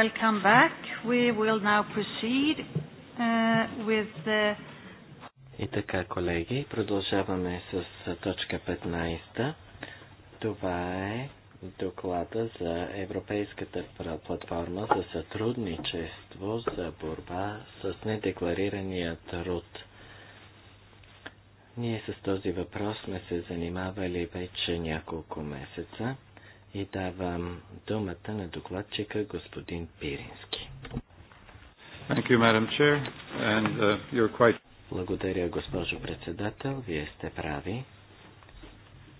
Welcome back. We will now proceed uh, with the... И така, колеги, продължаваме с точка 15. Това е доклада за Европейската платформа за сътрудничество за борба с недекларирания труд. Ние с този въпрос сме се занимавали вече няколко месеца и давам думата на докладчика господин Пирински. Thank you, Madam Chair, and uh, you're quite... Благодаря, госпожо председател. Вие сте прави.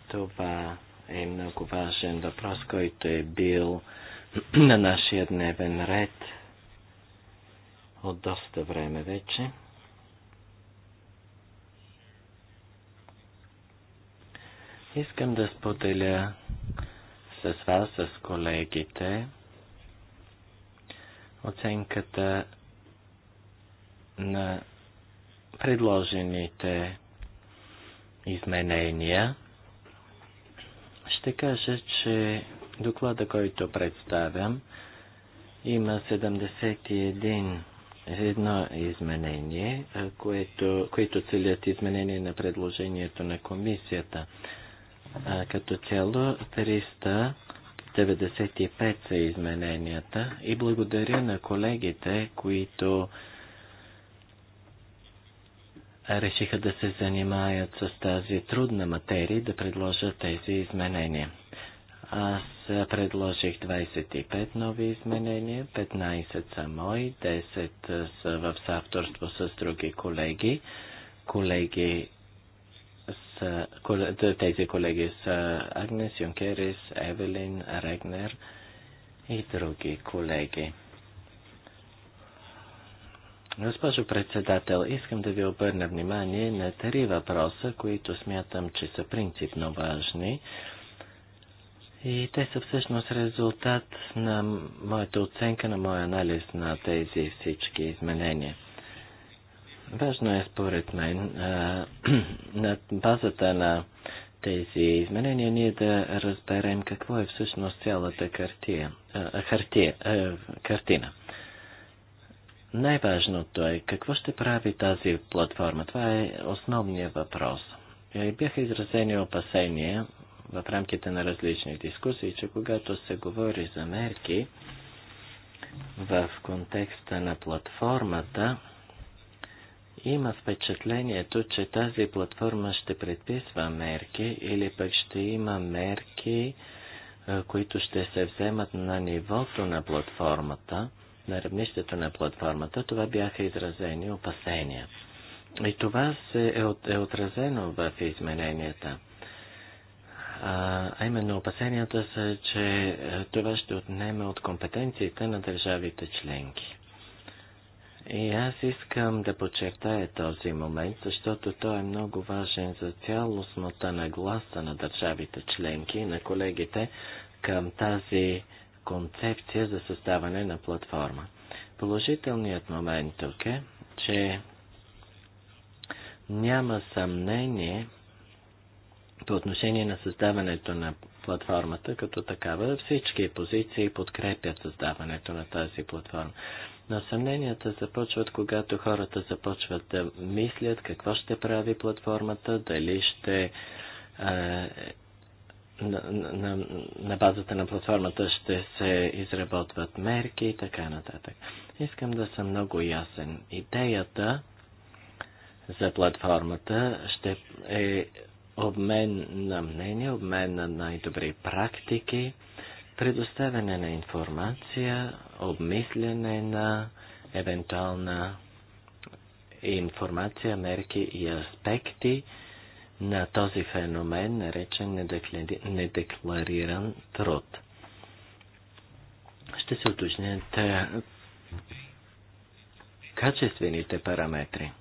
Това е много важен въпрос, който е бил на нашия дневен ред от доста време вече. Искам да споделя с вас, с колегите, оценката на предложените изменения. Ще кажа, че доклада, който представям, има 71 едно изменение, което, които целят изменение на предложението на комисията. Като цяло 395 са измененията и благодаря на колегите, които решиха да се занимаят с тази трудна материя да предложат тези изменения. Аз предложих 25 нови изменения, 15 са мои, 10 са в съавторство с други колеги. Колеги са, тези колеги са Агнес Юнкерис, Евелин Регнер и други колеги. Госпожо председател, искам да ви обърна внимание на три въпроса, които смятам, че са принципно важни. И те са всъщност резултат на моята оценка, на моя анализ на тези всички изменения. Важно е, според мен, на базата на тези изменения ние да разберем какво е всъщност цялата картия, хартия, картина. Най-важното е какво ще прави тази платформа. Това е основният въпрос. Бяха изразени опасения в рамките на различни дискусии, че когато се говори за мерки в контекста на платформата, има впечатлението, че тази платформа ще предписва мерки или пък ще има мерки, които ще се вземат на нивото на платформата, на равнището на платформата. Това бяха изразени опасения. И това се е, е отразено в измененията. А, а именно опасенията са, че това ще отнеме от компетенциите на държавите членки. И аз искам да подчертая този момент, защото той е много важен за цялостната нагласа на държавите членки и на колегите към тази концепция за създаване на платформа. Положителният момент тук е, че няма съмнение по отношение на създаването на платформата като такава. Всички позиции подкрепят създаването на тази платформа. Но съмненията започват, когато хората започват да мислят какво ще прави платформата, дали ще е, на, на, на базата на платформата ще се изработват мерки и така нататък. Искам да съм много ясен. Идеята за платформата ще е обмен на мнение, обмен на най-добри практики, предоставяне на информация, обмислене на евентуална информация, мерки и аспекти на този феномен, наречен недеклариран труд. Ще се уточнят е, качествените параметри.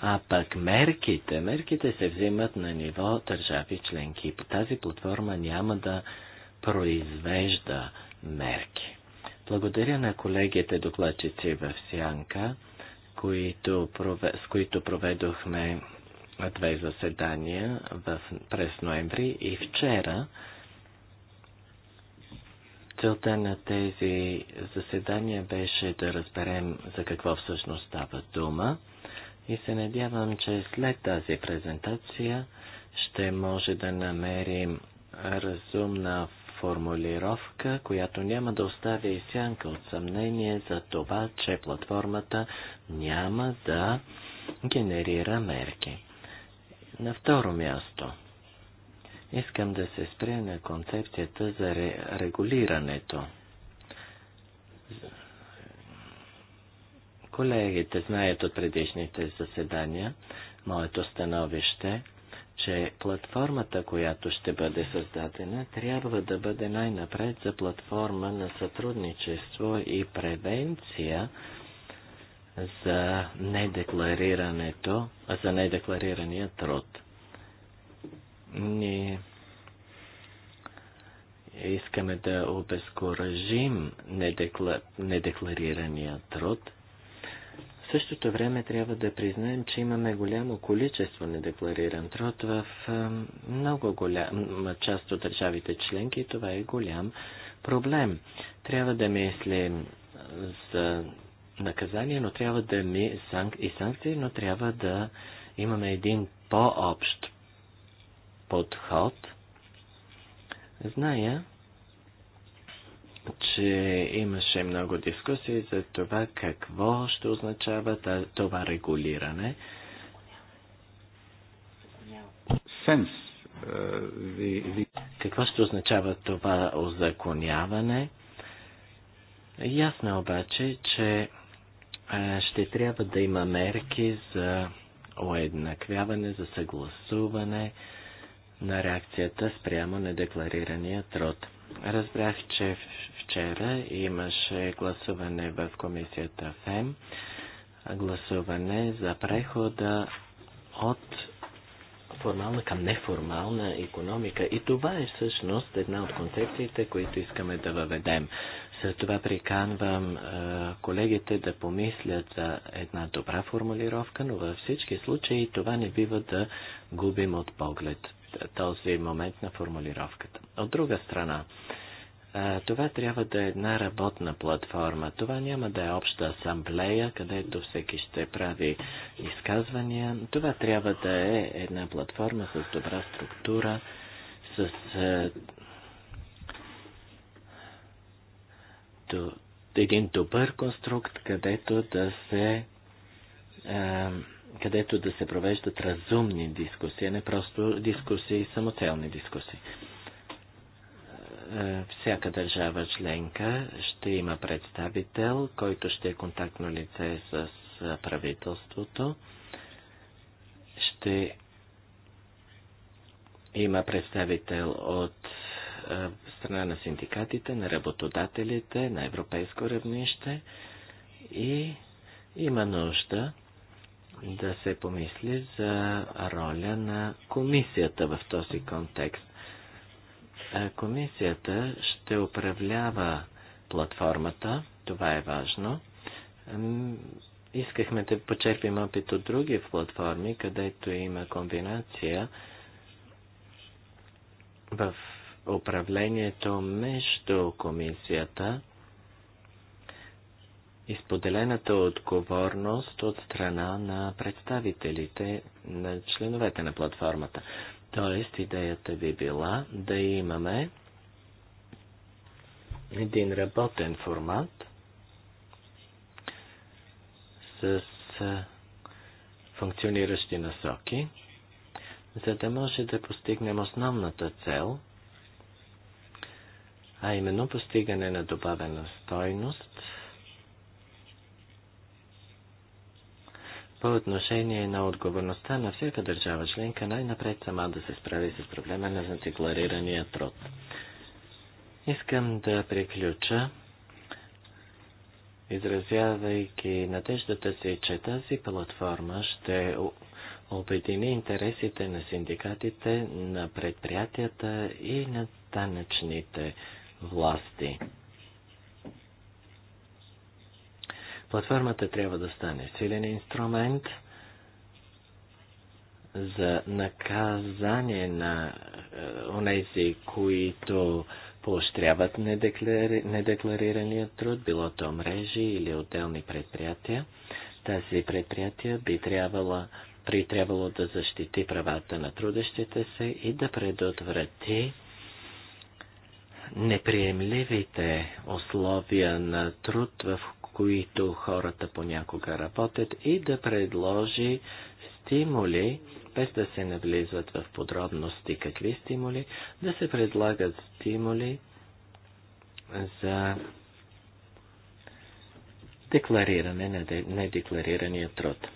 А пък мерките, мерките се взимат на ниво държави членки. По тази платформа няма да произвежда мерки. Благодаря на колегите докладчици в Сянка, които, с които проведохме две заседания в, през ноември и вчера. Целта на тези заседания беше да разберем за какво всъщност става дума и се надявам, че след тази презентация ще може да намерим разумна формулировка, която няма да оставя и сянка от съмнение за това, че платформата няма да генерира мерки. На второ място, искам да се спря на концепцията за ре регулирането. Колегите знаят от предишните заседания моето становище – че платформата, която ще бъде създадена, трябва да бъде най-напред за платформа на сътрудничество и превенция за недекларирането, за недекларирания труд. Ние искаме да обезкуражим недекла... недекларирания труд – същото време трябва да признаем, че имаме голямо количество недеклариран труд в много голяма част от държавите членки и това е голям проблем. Трябва да мислим за наказание, но трябва да ми санк... и санкции, но трябва да имаме един по-общ подход. Зная, че имаше много дискусии за това какво ще означава това регулиране. Сенс. Uh, какво ще означава това озаконяване? Ясно е обаче, че ще трябва да има мерки за уеднаквяване, за съгласуване на реакцията спрямо на декларирания труд. Разбрах, че вчера имаше гласуване в комисията ФЕМ, гласуване за прехода от формална към неформална економика. И това е всъщност една от концепциите, които искаме да въведем. За това приканвам е, колегите да помислят за една добра формулировка, но във всички случаи това не бива да губим от поглед този момент на формулировката. От друга страна, това трябва да е една работна платформа. Това няма да е обща асамблея, където всеки ще прави изказвания. Това трябва да е една платформа с добра структура, с един добър конструкт, където да се където да се провеждат разумни дискусии, а не просто дискусии, самоцелни дискусии. Е, всяка държава членка ще има представител, който ще е контактно лице с правителството. Ще има представител от е, страна на синдикатите, на работодателите, на европейско равнище и има нужда да се помисли за роля на комисията в този контекст. Комисията ще управлява платформата, това е важно. Искахме да почерпим опит от други платформи, където има комбинация в управлението между комисията изподелената отговорност от страна на представителите на членовете на платформата. Тоест, идеята би била да имаме един работен формат с функциониращи насоки, за да може да постигнем основната цел, а именно постигане на добавена стойност по отношение на отговорността на всяка държава членка най-напред сама да се справи с проблема на задекларирания труд. Искам да приключа, изразявайки надеждата си, че тази платформа ще обедини интересите на синдикатите, на предприятията и на данъчните власти. Платформата трябва да стане силен инструмент за наказание на е, онези, които поощряват недеклари... недекларирания труд, било то мрежи или отделни предприятия. Тази предприятия би трябвало, при трябвало да защити правата на трудещите се и да предотврати неприемливите условия на труд, в които хората понякога работят и да предложи стимули, без да се навлизат в подробности какви стимули, да се предлагат стимули за деклариране на недекларирания труд.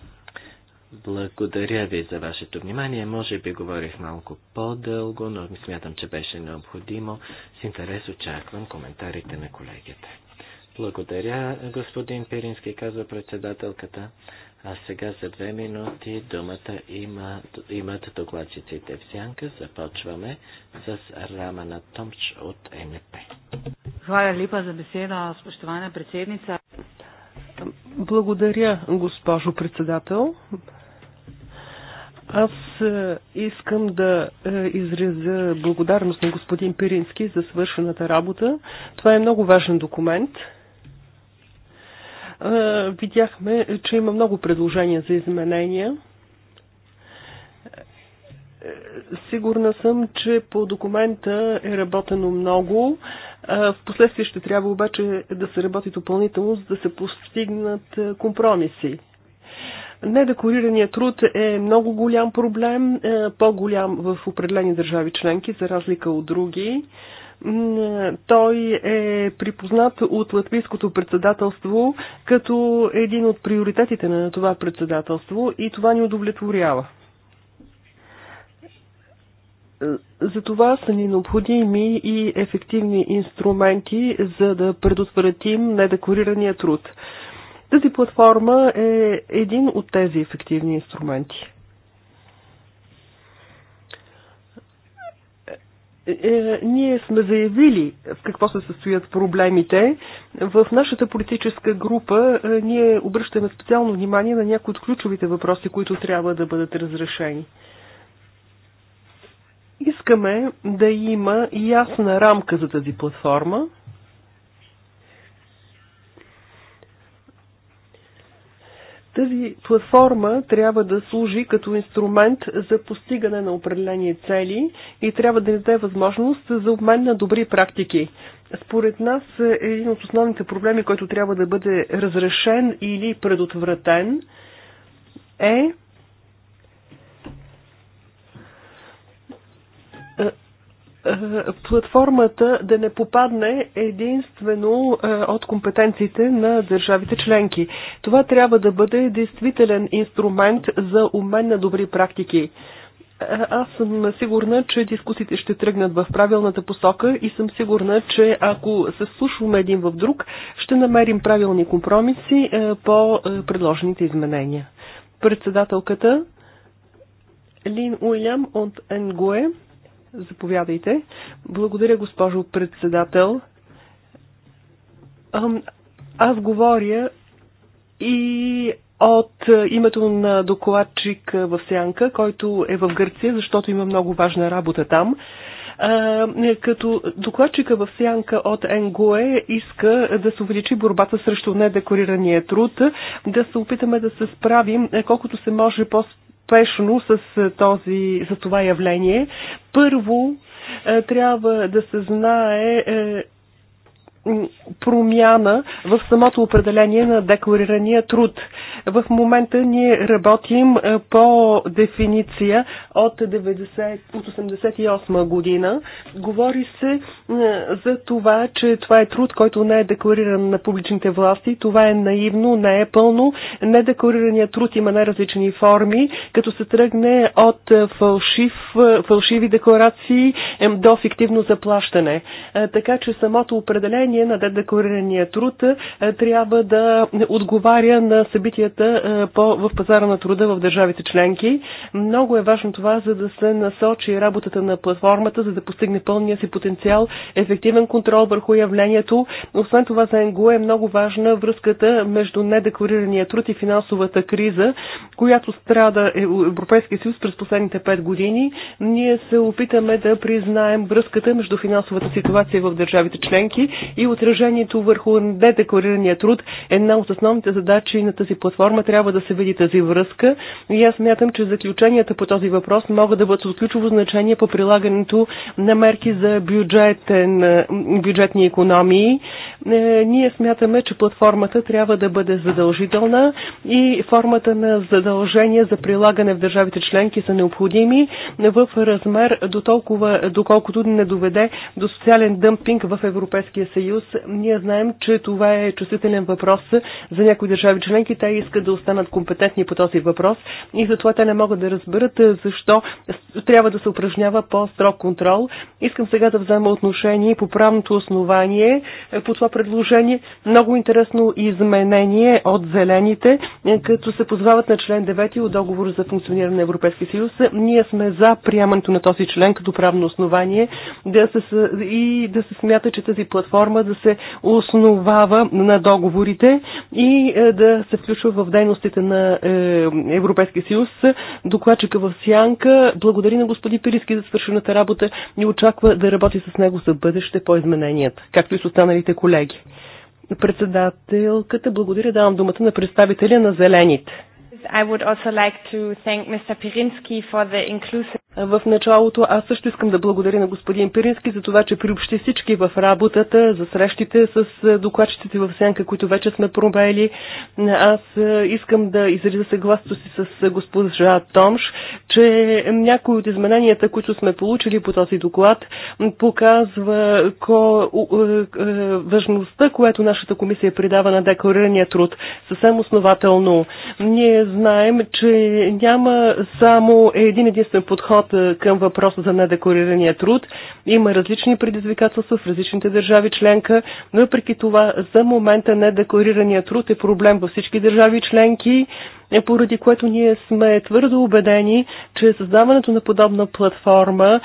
Благодаря ви за вашето внимание. Може би говорих малко по-дълго, но смятам, че беше необходимо. С интерес очаквам коментарите на колегите. Благодаря, господин Пирински, казва председателката. А сега за две минути думата има, имат докладчиците в сянка. Започваме с Рамана Томч от МП. Хвала липа за беседа, спочтована председница. Благодаря, госпожо председател. Аз е, искам да е, изразя благодарност на господин Пирински за свършената работа. Това е много важен документ – е, видяхме, че има много предложения за изменения. Е, сигурна съм, че по документа е работено много. Е, Впоследствие ще трябва обаче да се работи допълнително, за да се постигнат компромиси. Недекорираният труд е много голям проблем, по-голям в определени държави членки, за разлика от други. Той е припознат от латвийското председателство като един от приоритетите на това председателство и това ни удовлетворява. За това са ни необходими и ефективни инструменти, за да предотвратим недекорирания труд. Тази платформа е един от тези ефективни инструменти. Е, е, ние сме заявили в какво се състоят проблемите. В нашата политическа група е, ние обръщаме специално внимание на някои от ключовите въпроси, които трябва да бъдат разрешени. Искаме да има ясна рамка за тази платформа, Тази платформа трябва да служи като инструмент за постигане на определени цели и трябва да даде възможност за обмен на добри практики. Според нас е един от основните проблеми, който трябва да бъде разрешен или предотвратен е Е, платформата да не попадне единствено е, от компетенциите на държавите членки. Това трябва да бъде действителен инструмент за обмен на добри практики. Е, аз съм сигурна, че дискусите ще тръгнат в правилната посока и съм сигурна, че ако се слушваме един в друг, ще намерим правилни компромиси по предложените изменения. Председателката Лин Уилям от НГОЕ Заповядайте. Благодаря, госпожо председател. Аз говоря и от името на докладчик в Сянка, който е в Гърция, защото има много важна работа там като докладчика в сянка от НГОЕ иска да се увеличи борбата срещу недекорирания труд, да се опитаме да се справим колкото се може по успешно с, е, този, с това явление. Първо, е, трябва да се знае е, промяна в самото определение на декларирания труд. В момента ние работим е, по дефиниция от, 90, от 88 година. Говори се е, за това, че това е труд, който не е деклариран на публичните власти. Това е наивно, не е пълно. Недекларирания труд има най-различни форми, като се тръгне от е, фалшив, фалшиви декларации до фиктивно заплащане. Така че самото определение отношение на декларирания труд е, трябва да отговаря на събитията е, в пазара на труда в държавите членки. Много е важно това, за да се насочи работата на платформата, за да постигне пълния си потенциал, ефективен контрол върху явлението. Освен това за НГО е много важна връзката между недекларирания труд и финансовата криза, която страда е, Европейския съюз през последните 5 години. Ние се опитаме да признаем връзката между финансовата ситуация в държавите членки и отражението върху недекларирания труд. Е една от основните задачи на тази платформа трябва да се види тази връзка и аз мятам, че заключенията по този въпрос могат да бъдат от ключово значение по прилагането на мерки за бюджетен, бюджетни економии. Е, ние смятаме, че платформата трябва да бъде задължителна и формата на задължения за прилагане в държавите членки са необходими в размер до толкова, доколкото не доведе до социален дъмпинг в Европейския съюз съюз. Ние знаем, че това е чувствителен въпрос за някои държави членки. Те искат да останат компетентни по този въпрос и затова те не могат да разберат е, защо трябва да се упражнява по-строг контрол. Искам сега да взема отношение по правното основание е, по това предложение. Много интересно изменение от зелените, е, като се позвават на член 9 от договор за функциониране на Европейския съюз. Ние сме за приемането на този член като правно основание да се, и да се смята, че тази платформа трябва да се основава на договорите и е, да се включва в дейностите на е, Европейския съюз. Докладчика в Сянка благодари на господи Пириски за свършената работа и очаква да работи с него за бъдеще по измененията, както и с останалите колеги. Председателката благодаря, давам думата на представителя на Зелените. I would also like to thank Mr. Pirinski for the inclusive в началото аз също искам да благодаря на господин Пирински за това, че приобщи всички в работата, за срещите с докладчиците в сянка, които вече сме провели. Аз искам да изразя съгласно си с госпожа Томш, че някои от измененията, които сме получили по този доклад, показва ко... важността, която нашата комисия придава на декларирания труд. Съвсем основателно. Ние знаем, че няма само един единствен подход подход е, към въпроса за недекорирания труд. Има различни предизвикателства в различните държави членка. Въпреки това, за момента недекорирания труд е проблем във всички държави членки. Е, поради което ние сме твърдо убедени, че създаването на подобна платформа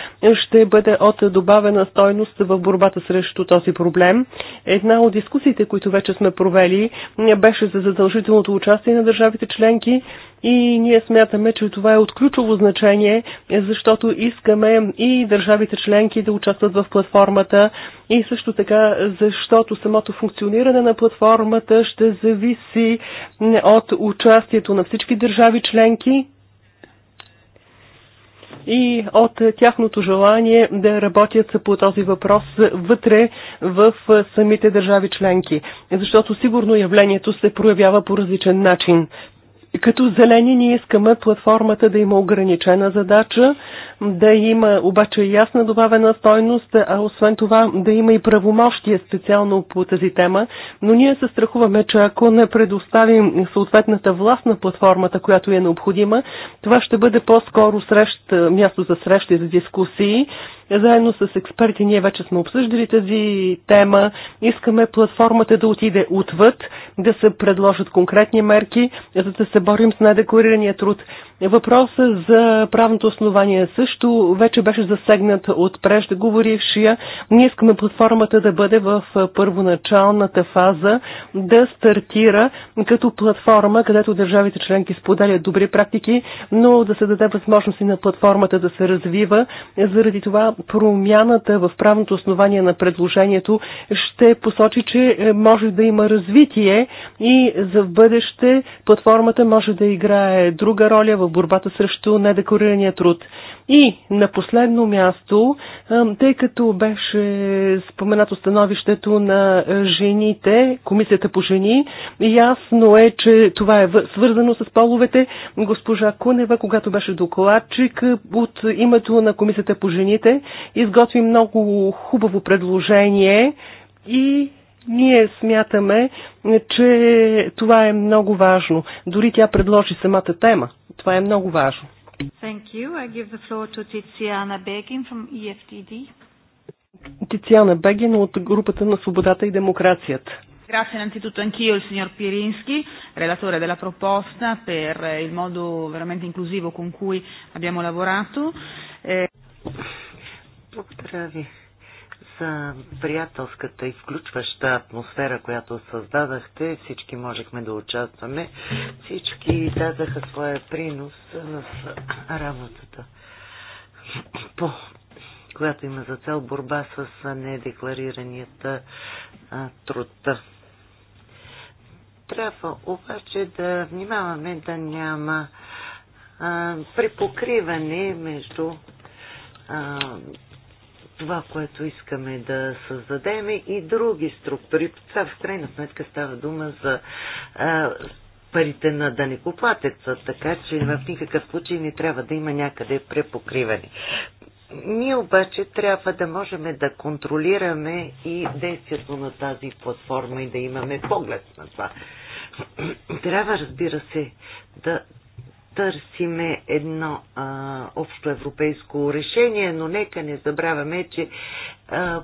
ще бъде от добавена стойност в борбата срещу този проблем. Една от дискусиите, които вече сме провели, беше за задължителното участие на държавите членки и ние смятаме, че това е от ключово значение, защото искаме и държавите членки да участват в платформата и също така, защото самото функциониране на платформата ще зависи от участието на всички държави членки и от тяхното желание да работят по този въпрос вътре в самите държави членки. Защото сигурно явлението се проявява по различен начин. Като зелени ние искаме платформата да има ограничена задача, да има обаче ясна добавена стойност, а освен това да има и правомощие специално по тази тема. Но ние се страхуваме, че ако не предоставим съответната власт на платформата, която е необходима, това ще бъде по-скоро срещ, място за срещи, за дискусии. Заедно с експерти ние вече сме обсъждали тази тема. Искаме платформата да отиде отвъд, да се предложат конкретни мерки, за да се борим с недекларирания труд. Въпроса за правното основание също вече беше засегнат от преждеговорившия. Ние искаме платформата да бъде в първоначалната фаза, да стартира като платформа, където държавите членки споделят добри практики, но да се даде възможност и на платформата да се развива. Заради това промяната в правното основание на предложението ще посочи, че може да има развитие и за в бъдеще платформата може да играе друга роля в борбата срещу недекорирания труд. И на последно място, тъй като беше споменато становището на жените, комисията по жени, ясно е, че това е свързано с половете. Госпожа Кунева, когато беше докладчик от името на комисията по жените, изготви много хубаво предложение и ние смятаме, че това е много важно. Дори тя предложи самата тема. Това е много важно. Thank you. I give the floor to Tiziana Begin from EFTD. Тициана Бегин от групата на свободата и демокрацията. Grazie innanzitutto anch'io il signor Pierinski, relatore della proposta, per il modo veramente inclusivo con cui abbiamo lavorato. Eh приятелската и включваща атмосфера, която създадахте, всички можехме да участваме. Всички дадаха своя принос в работата, по, която има за цел борба с недекларираният труд. Трябва обаче да внимаваме да няма а, припокриване между а, това, което искаме да създадем е и други структури. Това в крайна сметка става дума за а, парите на данекоплатеца, така че в никакъв случай не трябва да има някъде препокриване. Ние обаче трябва да можем да контролираме и действието на тази платформа и да имаме поглед на това. Трябва, разбира се, да търсиме едно а, общо европейско решение, но нека не забравяме, че а,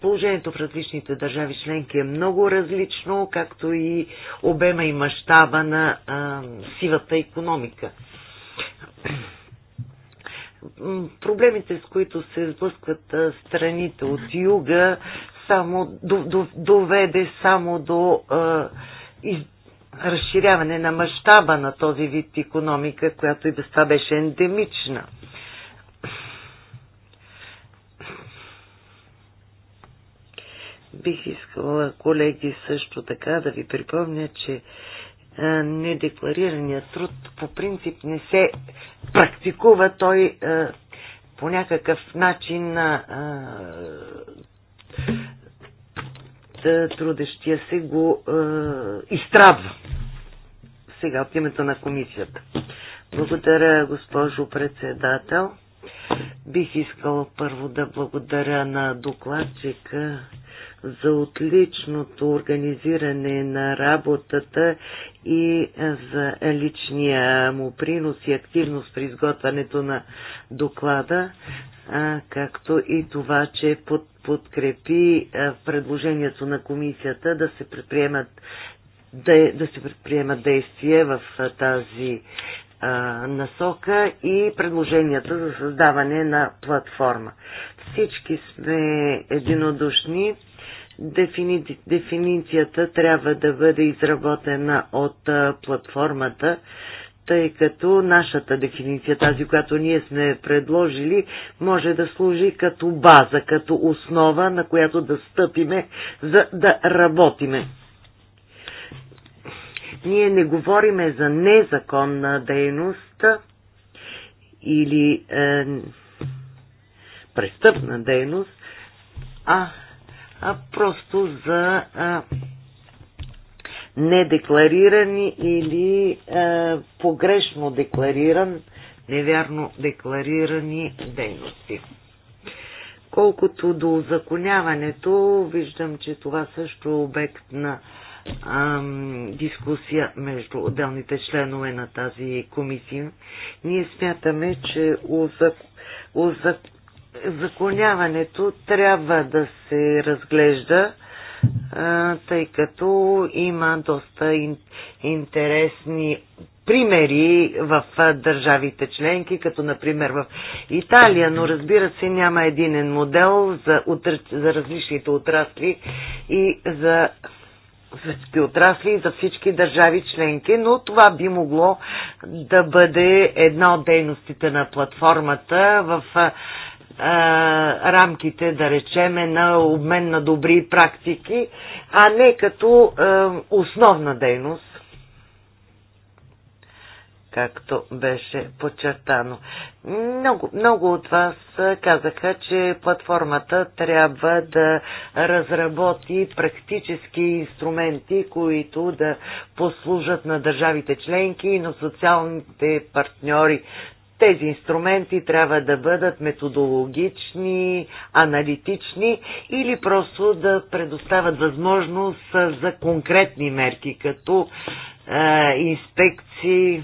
положението в различните държави членки е много различно, както и обема и мащаба на а, сивата економика. Проблемите, с които се сблъскват страните от юга, само доведе само до а, из, разширяване на мащаба на този вид економика, която и без това беше ендемична. Бих искала, колеги, също така да ви припомня, че недекларираният труд по принцип не се практикува. Той по някакъв начин е, трудещия се го е, изтрабва. Сега от името на комисията. Благодаря, госпожо председател. Бих искала първо да благодаря на докладчика за отличното организиране на работата и за личния му принос и активност при изготвянето на доклада а, както и това, че под, подкрепи а, предложението на комисията да се предприемат да, да се предприемат действия в а, тази а, насока и предложенията за създаване на платформа. Всички сме единодушни. Дефини, дефиницията трябва да бъде изработена от а, платформата, тъй като нашата дефиниция, тази, която ние сме предложили, може да служи като база, като основа, на която да стъпиме, за да работиме. Ние не говориме за незаконна дейност или е, престъпна дейност, а, а просто за е, недекларирани или е, погрешно деклариран, невярно декларирани дейности. Колкото до законяването, виждам, че това също е обект на дискусия между отделните членове на тази комисия. Ние смятаме, че узак... Узак... законяването трябва да се разглежда тъй като има доста интересни примери в държавите членки, като например в Италия, но разбира се няма единен модел за, за различните отрасли и за всички отрасли и за всички държави членки, но това би могло да бъде една от дейностите на платформата в рамките, да речеме, на обмен на добри практики, а не като основна дейност както беше подчертано. Много, много от вас казаха, че платформата трябва да разработи практически инструменти, които да послужат на държавите членки и на социалните партньори тези инструменти трябва да бъдат методологични, аналитични или просто да предоставят възможност за конкретни мерки, като е, инспекции.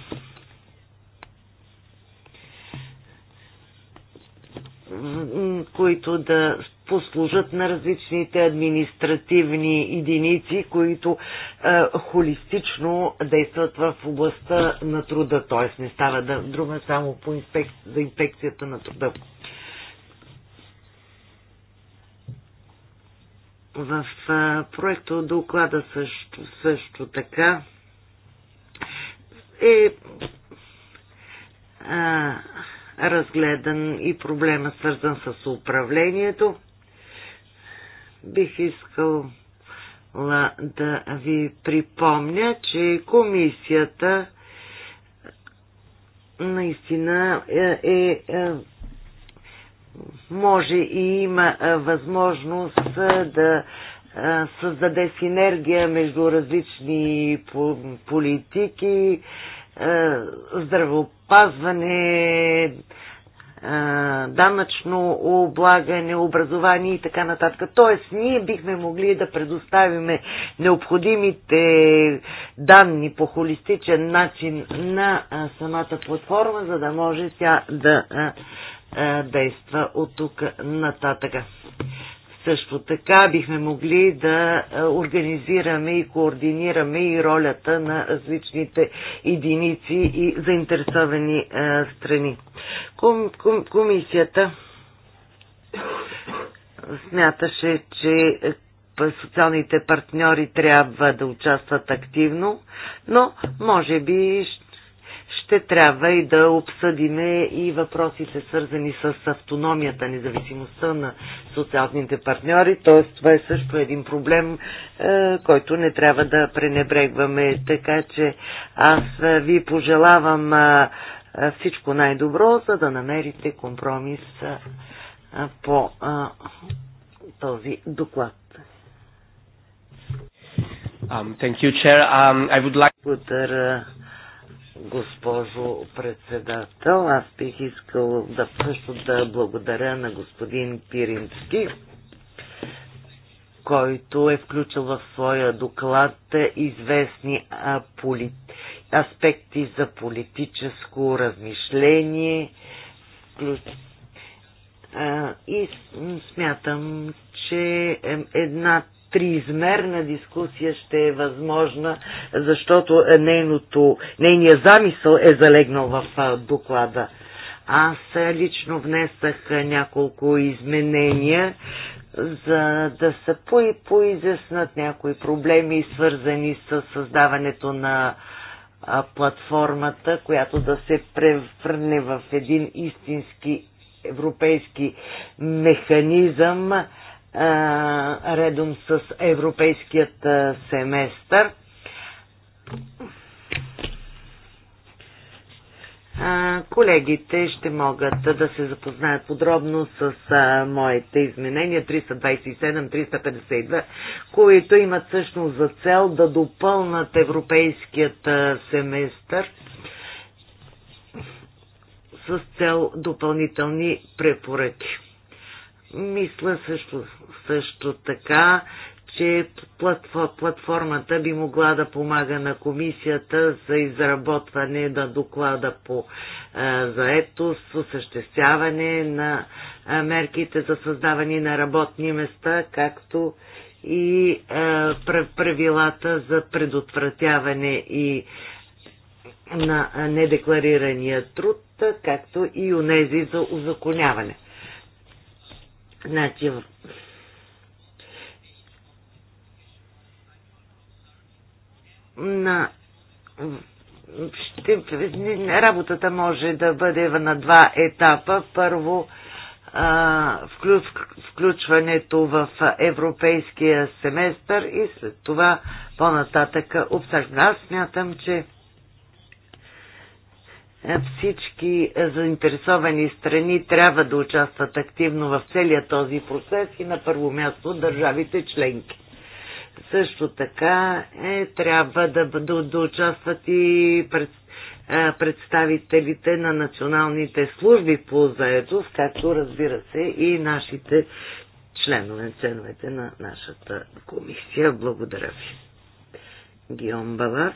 които да послужат на различните административни единици, които е, холистично действат в областта на труда, т.е. не става да, друга само по инспек... за инспекцията на труда. В е, проекта доклада също, също така е е разгледан и проблема свързан с управлението. Бих искал да ви припомня, че комисията наистина е, е, е може и има е, възможност е, да създаде синергия между различни политики, здравеопазване, данъчно облагане, образование и така нататък. Тоест, ние бихме могли да предоставиме необходимите данни по холистичен начин на самата платформа, за да може тя да действа от тук нататък. Също така бихме могли да е, организираме и координираме и ролята на различните единици и заинтересовани е, страни. Ком, ком, комисията смяташе, че е, социалните партньори трябва да участват активно, но може би ще ще трябва и да обсъдиме и въпросите свързани с автономията, независимостта на социалните партньори. Т.е. това е също един проблем, е, който не трябва да пренебрегваме. Така че аз е, ви пожелавам е, всичко най-добро, за да намерите компромис по този доклад. Um, thank you, Chair. Um, I would like... Благодаря, госпожо председател. Аз бих искал да също да благодаря на господин Пирински, който е включил в своя доклад известни аспекти за политическо размишление. И смятам, че е една триизмерна дискусия ще е възможна, защото нейното, нейният замисъл е залегнал в доклада. Аз лично внесах няколко изменения, за да се по- и поизяснат някои проблеми, свързани с създаването на платформата, която да се превърне в един истински европейски механизъм редом с европейският семестър. Колегите ще могат да се запознаят подробно с моите изменения 327-352, които имат всъщност за цел да допълнат европейският семестър с цел допълнителни препоръки. Мисля също, също така, че платформата би могла да помага на комисията за изработване на доклада по е, заетост, осъществяване на е, мерките за създаване на работни места, както и е, правилата за предотвратяване и на недекларирания труд, както и унези за узаконяване. Значи, на ще, работата може да бъде на два етапа. Първо, а, вклю, включването в европейския семестър и след това по-нататък обсъждане. Аз смятам, че всички заинтересовани страни трябва да участват активно в целия този процес и на първо място държавите членки. Също така е, трябва да, да, да участват и пред, е, представителите на националните служби по заедост, както разбира се и нашите членове, членовете на нашата комисия. Благодаря ви. Гион Балас.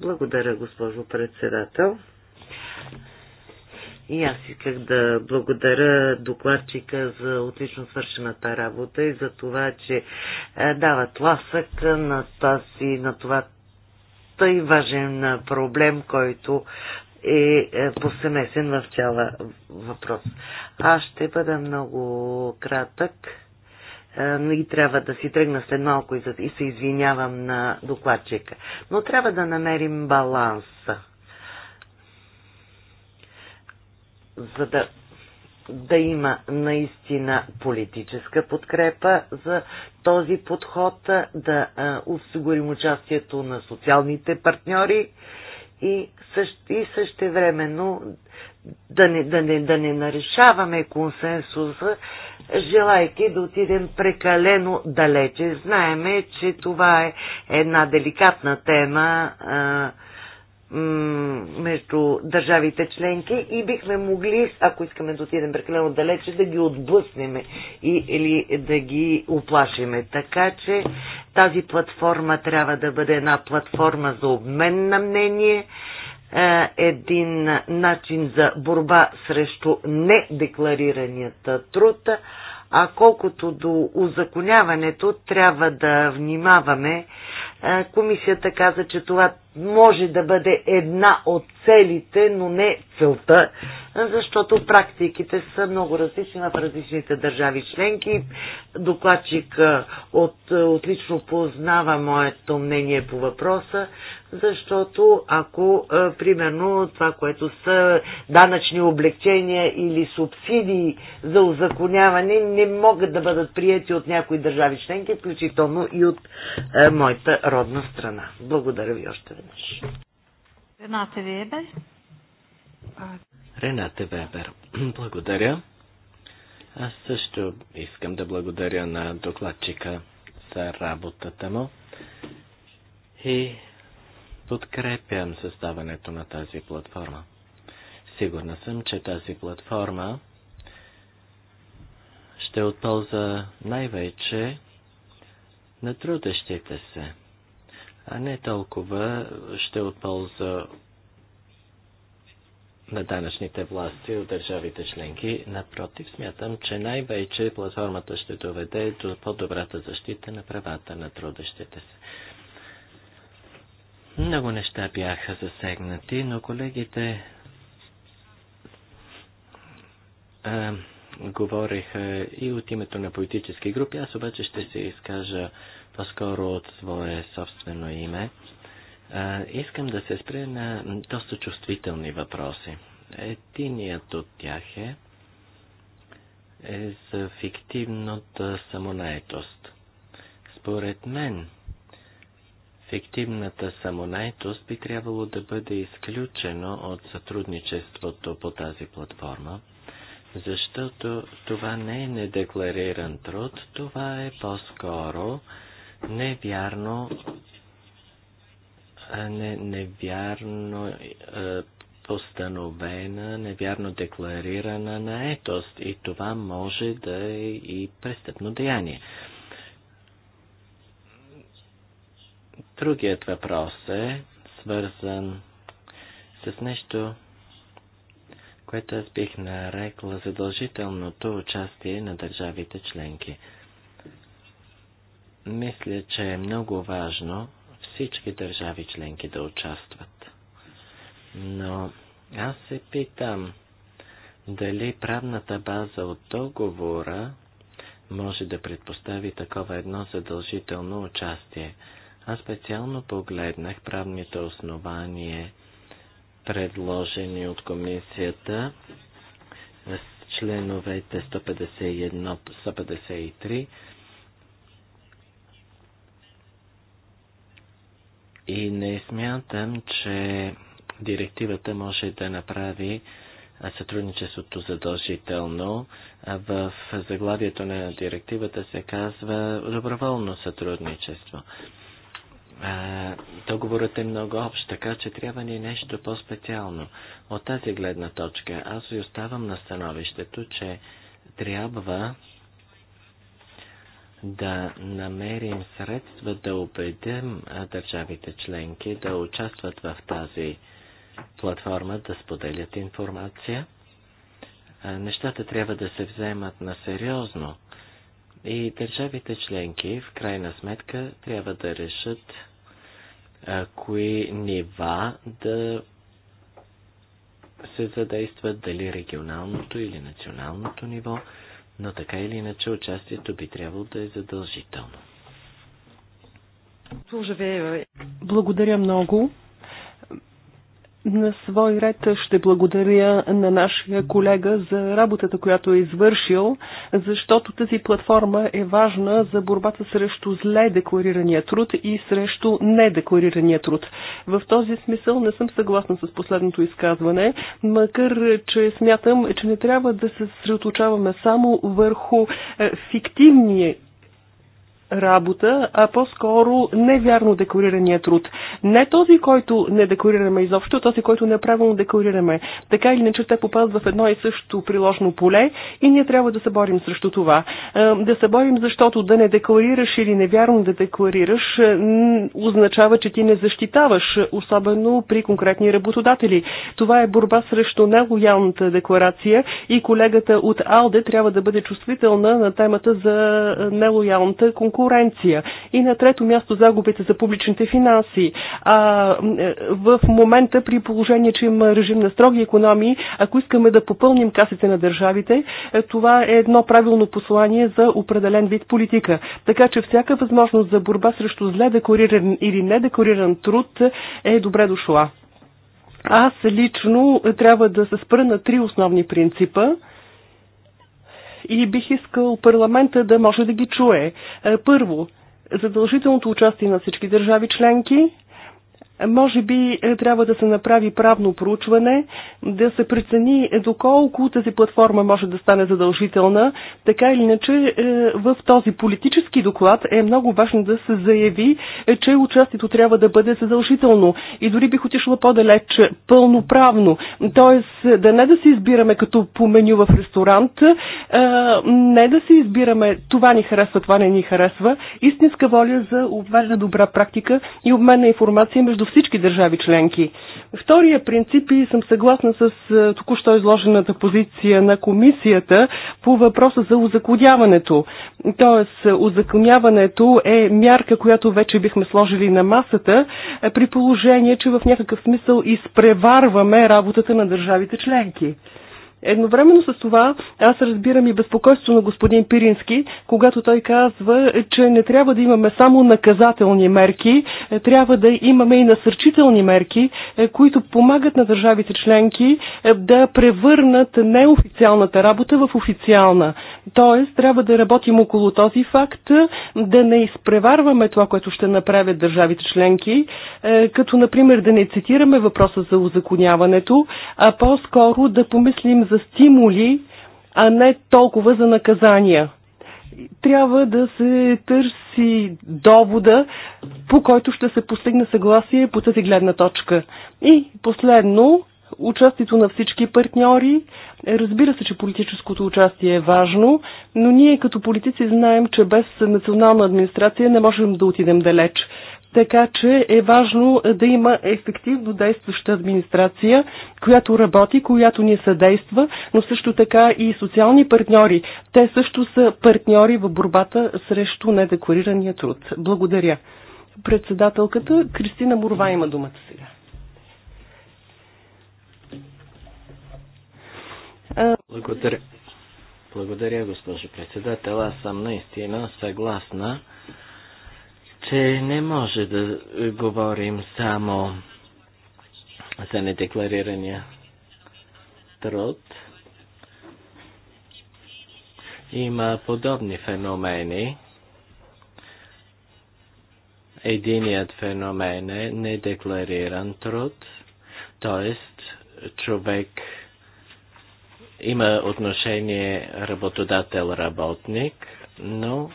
Благодаря, госпожо председател. И аз исках да благодаря докладчика за отлично свършената работа и за това, че е, дават ласък на, тази, на това тъй важен е, проблем, който е, е повсеместен в цяла въпрос. Аз ще бъда много кратък. Е, и трябва да си тръгна след малко и, и се извинявам на докладчика. Но трябва да намерим баланса, за да, да има наистина политическа подкрепа за този подход, е, да а, е, осигурим участието на социалните партньори и, също, и същевременно да не, да не, да не нарешаваме консенсуса, желайки да отидем прекалено далече. Знаеме, че това е една деликатна тема а, между държавите членки и бихме могли, ако искаме да отидем прекалено далече, да ги отблъснеме и, или да ги оплашиме. Така че тази платформа трябва да бъде една платформа за обмен на мнение, е, един начин за борба срещу недекларираният труд, а колкото до узаконяването, трябва да внимаваме. Е, комисията каза, че това може да бъде една от целите, но не целта, защото практиките са много различни в различните държави членки. Докладчик от, отлично познава моето мнение по въпроса, защото ако, примерно, това, което са данъчни облегчения или субсидии за узаконяване, не могат да бъдат прияти от някои държави членки, включително и от е, моята родна страна. Благодаря ви още веднъж веднъж. Рената Вебер. Рената Вебер. Благодаря. Аз също искам да благодаря на докладчика за работата му и подкрепям създаването на тази платформа. Сигурна съм, че тази платформа ще отползва най-вече на трудещите се а не толкова ще от полза на данъчните власти от държавите членки. Напротив, смятам, че най-вече платформата ще доведе до по-добрата защита на правата на трудещите се. Много неща бяха засегнати, но колегите а, говориха и от името на политически групи. Аз обаче ще се изкажа по-скоро от свое собствено име. Искам да се спре на доста чувствителни въпроси. Единият от тях е, е за фиктивната самонаетост. Според мен, фиктивната самонаетост би трябвало да бъде изключено от сътрудничеството по тази платформа, защото това не е недеклариран труд, това е по-скоро невярно, не, невярно е, постановена, невярно декларирана наетост и това може да е и престъпно деяние. Другият въпрос е свързан с нещо, което аз бих нарекла задължителното участие на държавите членки – мисля, че е много важно всички държави членки да участват. Но аз се питам, дали правната база от договора може да предпостави такова едно задължително участие. Аз специално погледнах правните основания, предложени от комисията с членовете 151-153 И не смятам, че директивата може да направи сътрудничеството задължително. В заглавието на директивата се казва доброволно сътрудничество. Договорът е много общ, така че трябва ни нещо по-специално. От тази гледна точка аз и оставам на становището, че трябва да намерим средства да убедим държавите членки да участват в тази платформа, да споделят информация. Нещата трябва да се вземат на сериозно и държавите членки в крайна сметка трябва да решат кои нива да се задействат, дали регионалното или националното ниво но така или иначе участието би трябвало да е задължително. Благодаря много. На свой ред ще благодаря на нашия колега за работата, която е извършил, защото тази платформа е важна за борбата срещу зле декларирания труд и срещу недекларирания труд. В този смисъл не съм съгласна с последното изказване, макар че смятам, че не трябва да се съсредоточаваме само върху е, фиктивни работа, а по-скоро невярно декорирания труд. Не този, който не декорираме изобщо, а този, който неправилно декорираме. Така или иначе те попадат в едно и също приложно поле и ние трябва да се борим срещу това. Е, да се борим, защото да не декорираш или невярно да декорираш е, означава, че ти не защитаваш, особено при конкретни работодатели. Това е борба срещу нелоялната декларация и колегата от АЛДЕ трябва да бъде чувствителна на темата за е, нелоялната конкуренция конкуренция. И на трето място загубите за публичните финанси. А, в момента при положение, че има режим на строги економии, ако искаме да попълним касите на държавите, е, това е едно правилно послание за определен вид политика. Така че всяка възможност за борба срещу зле декориран или недекориран труд е добре дошла. Аз лично трябва да се спра на три основни принципа и бих искал парламента да може да ги чуе. Е, първо, задължителното участие на всички държави членки, може би е, трябва да се направи правно проучване, да се прецени доколко тази платформа може да стане задължителна. Така или иначе, е, в този политически доклад е много важно да се заяви, е, че участието трябва да бъде задължително. И дори бих отишла по-далеч, пълноправно. Тоест, да не да се избираме като по меню в ресторант, не да се избираме това ни харесва, това не ни харесва. Истинска воля за обмен на добра практика и обмен на информация между всички държави членки. Втория принцип и съм съгласна с е, току-що изложената позиция на комисията по въпроса за озаконяването. Тоест, озаконяването е, е мярка, която вече бихме сложили на масата, е, при положение, че в някакъв смисъл изпреварваме работата на държавите членки. Едновременно с това аз разбирам и безпокойство на господин Пирински, когато той казва, че не трябва да имаме само наказателни мерки, е, трябва да имаме и насърчителни мерки, е, които помагат на държавите членки е, да превърнат неофициалната работа в официална. Тоест, трябва да работим около този факт, да не изпреварваме това, което ще направят държавите членки, като, например, да не цитираме въпроса за узаконяването, а по-скоро да помислим за за стимули, а не толкова за наказания. Трябва да се търси довода, по който ще се постигне съгласие по тази гледна точка. И последно, участието на всички партньори. Разбира се, че политическото участие е важно, но ние като политици знаем, че без национална администрация не можем да отидем далеч. Така че е важно е, да има ефективно действаща администрация, която работи, която ни съдейства, но също така и социални партньори. Те също са партньори в борбата срещу недекларирания труд. Благодаря. Председателката Кристина Мурова има думата сега. Благодаря. Благодаря, госпожо председател. Аз съм наистина съгласна че не може да говорим само за недекларирания труд. Има подобни феномени. Единият феномен е недеклариран труд, т.е. човек има отношение работодател-работник, но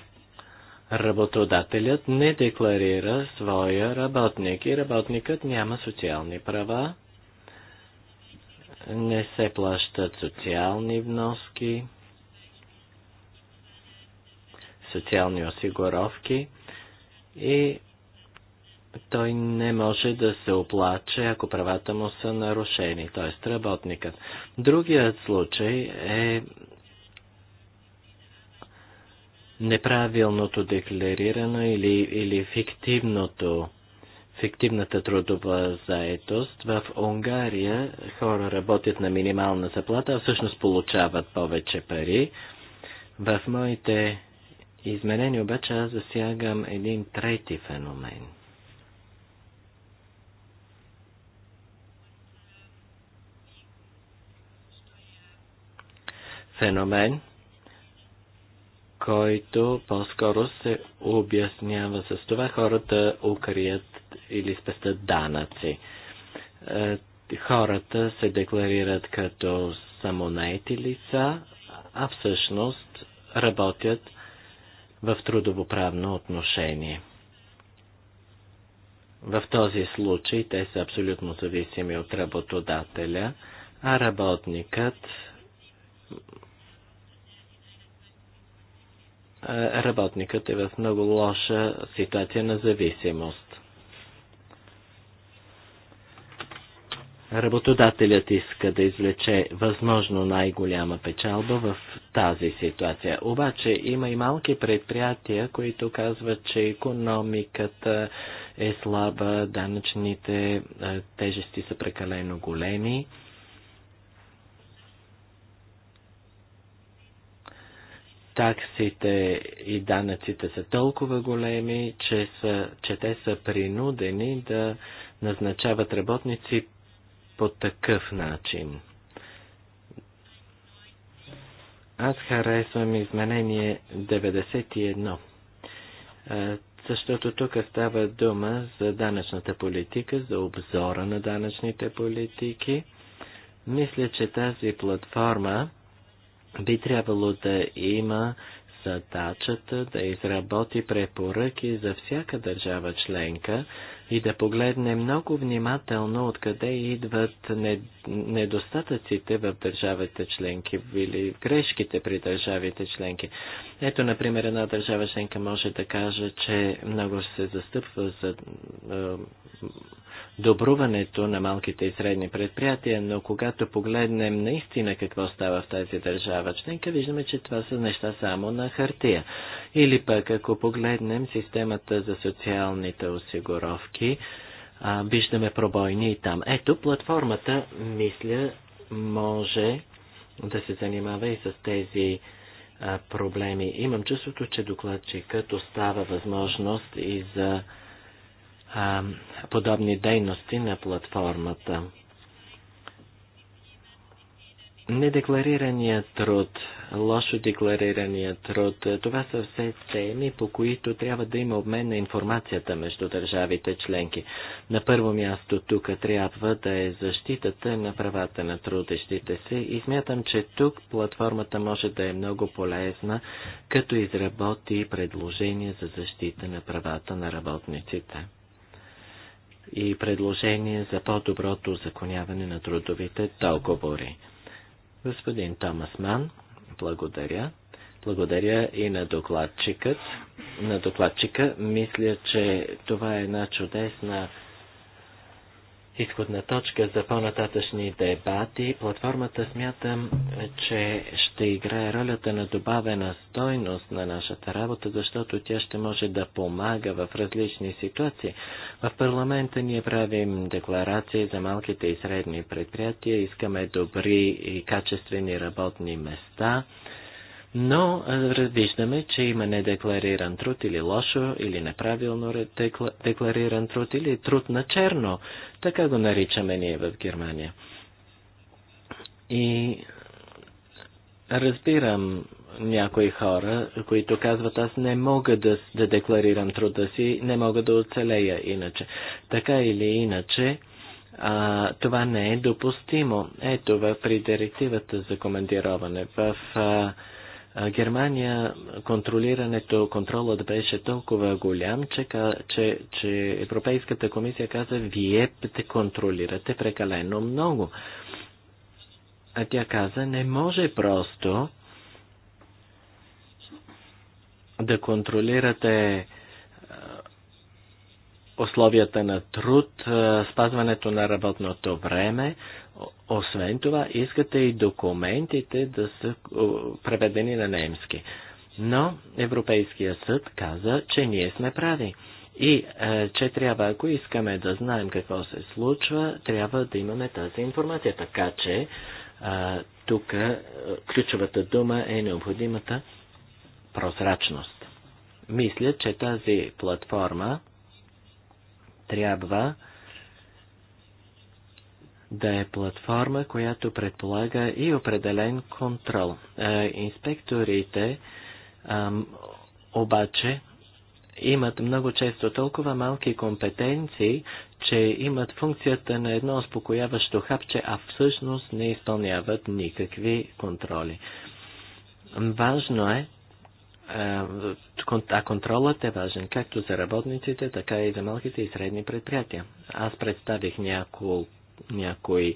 работодателят не декларира своя работник и работникът няма социални права, не се плащат социални вноски, социални осигуровки и той не може да се оплаче, ако правата му са нарушени, т.е. работникът. Другият случай е неправилното декларирано или, или фиктивното, фиктивната трудова заетост. В Унгария хора работят на минимална заплата, а всъщност получават повече пари. В моите изменения обаче аз засягам един трети феномен – феномен, който по-скоро се обяснява с това хората укрият или спестат данъци. Е, хората се декларират като самонаети лица, а всъщност работят в трудовоправно отношение. В този случай те са абсолютно зависими от работодателя, а работникът е, работникът е в много лоша ситуация на зависимост. Работодателят иска да извлече възможно най-голяма печалба в тази ситуация. Обаче има и малки предприятия, които казват, че економиката е слаба, данъчните е, тежести са прекалено големи. таксите и данъците са толкова големи, че, са, че те са принудени да назначават работници по такъв начин. Аз харесвам изменение 91, защото тук става дума за данъчната политика, за обзора на данъчните политики. Мисля, че тази платформа би трябвало да има задачата да изработи препоръки за всяка държава членка и да погледне много внимателно откъде идват недостатъците в държавите членки или грешките при държавите членки. Ето, например, една държава членка може да каже, че много се застъпва за е, добруването на малките и средни предприятия, но когато погледнем наистина какво става в тази държава членка, виждаме, че това са неща само на хартия. Или пък ако погледнем системата за социалните осигуровки, а, виждаме пробойни и там. Ето, платформата, мисля, може да се занимава и с тези а, проблеми. Имам чувството, че докладчикът остава възможност и за а, подобни дейности на платформата. Недекларираният труд, лошо декларираният труд, е, това са все теми, по които трябва да има обмен на информацията между държавите членки. На първо място тук трябва да е защитата на правата на трудещите се и смятам, че тук платформата може да е много полезна, като изработи предложения за защита на правата на работниците и предложение за по-доброто законяване на трудовите договори. Господин Томас Ман, благодаря. Благодаря и на докладчикът. На докладчика мисля, че това е една чудесна изходна точка за по-нататъчни дебати. Платформата смятам, че ще играе ролята на добавена стойност на нашата работа, защото тя ще може да помага в различни ситуации. В парламента ние правим декларации за малките и средни предприятия, искаме добри и качествени работни места. Но виждаме, че има недеклариран труд или лошо, или неправилно декла... деклариран труд, или труд на черно. Така го наричаме ние в Германия. И разбирам някои хора, които казват, аз не мога да, да декларирам труда си, не мога да оцелея иначе. Така или иначе, а, това не е допустимо. Ето, в, при директивата за командироване, в а, Германия контролирането, контролът беше толкова голям, че, че, че Европейската комисия каза, вие те контролирате прекалено много. А тя каза, не може просто да контролирате условията на труд, спазването на работното време, освен това, искате и документите да са преведени на немски. Но Европейския съд каза, че ние сме прави. И е, че трябва, ако искаме да знаем какво се случва, трябва да имаме тази информация. Така че е, тук е, ключовата дума е необходимата прозрачност. Мисля, че тази платформа трябва да е платформа, която предполага и определен контрол. Е, инспекторите обаче имат много често толкова малки компетенции, че имат функцията на едно успокояващо хапче, а всъщност не изпълняват никакви контроли. Важно е, е а контролът е важен както за работниците, така и за малките и средни предприятия. Аз представих няколко някои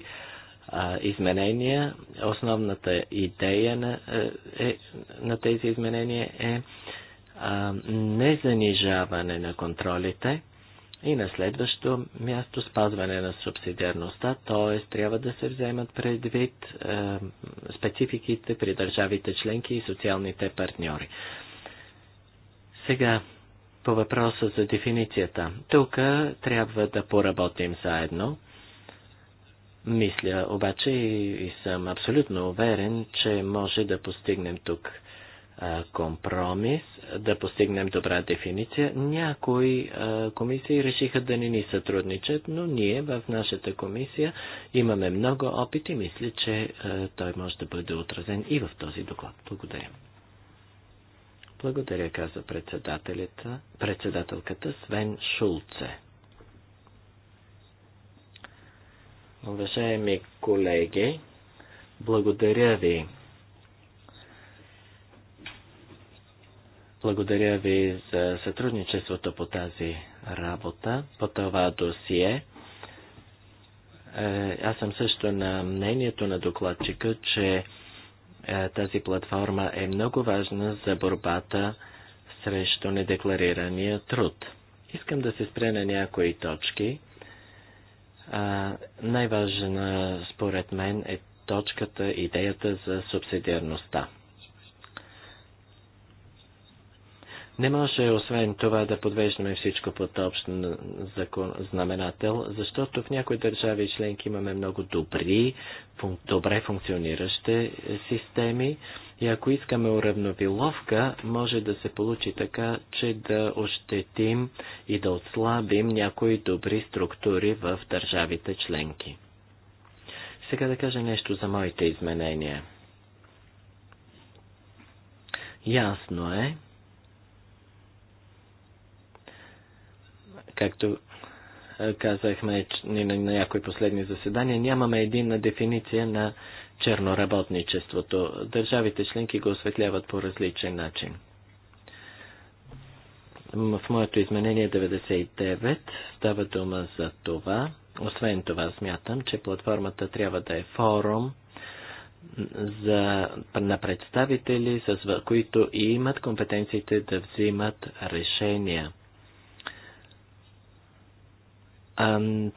а, изменения. Основната идея на, е, е, на тези изменения е а, незанижаване на контролите и на следващо място спазване на субсидиарността, т.е. трябва да се вземат предвид а, е, спецификите при държавите членки и социалните партньори. Сега, по въпроса за дефиницията. Тук трябва да поработим заедно. Мисля обаче и съм абсолютно уверен, че може да постигнем тук компромис, да постигнем добра дефиниция. Някои комисии решиха да не ни сътрудничат, но ние в нашата комисия имаме много опит и мисля, че той може да бъде отразен и в този доклад. Благодаря. Благодаря, каза председателката Свен Шулце. Уважаеми колеги, благодаря ви. Благодаря ви за сътрудничеството по тази работа, по това досие. Е, аз съм също на мнението на докладчика, че е, тази платформа е много важна за борбата срещу недекларирания труд. Искам да се спре на някои точки – най-важна според мен е точката, идеята за субсидиарността. Не може, освен това, да подвеждаме всичко под общ закон, знаменател, защото в някои държави и членки имаме много добри, фун, добре функциониращи е, системи и ако искаме уравновиловка, може да се получи така, че да ощетим и да отслабим някои добри структури в държавите членки. Сега да кажа нещо за моите изменения. Ясно е, Както казахме ни на някои последни заседания, нямаме единна дефиниция на черноработничеството. Държавите членки го осветляват по различен начин. В моето изменение 99 става дума за това. Освен това, смятам, че платформата трябва да е форум за, на представители, с, които и имат компетенциите да взимат решения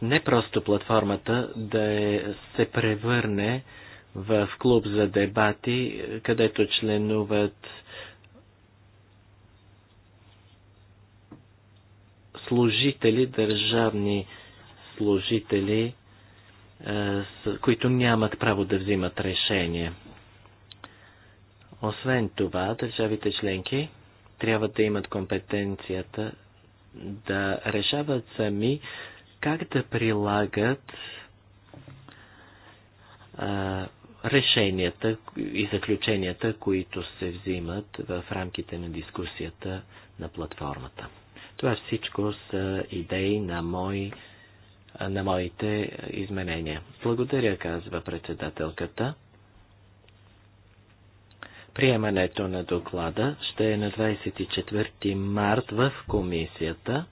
не просто платформата да е, се превърне в клуб за дебати, където членуват служители, държавни служители, които нямат право да взимат решение. Освен това, държавите членки трябва да имат компетенцията да решават сами как да прилагат а, решенията и заключенията, които се взимат в рамките на дискусията на платформата. Това всичко са идеи на, мой, на моите изменения. Благодаря, казва председателката. Приемането на доклада ще е на 24 март в комисията.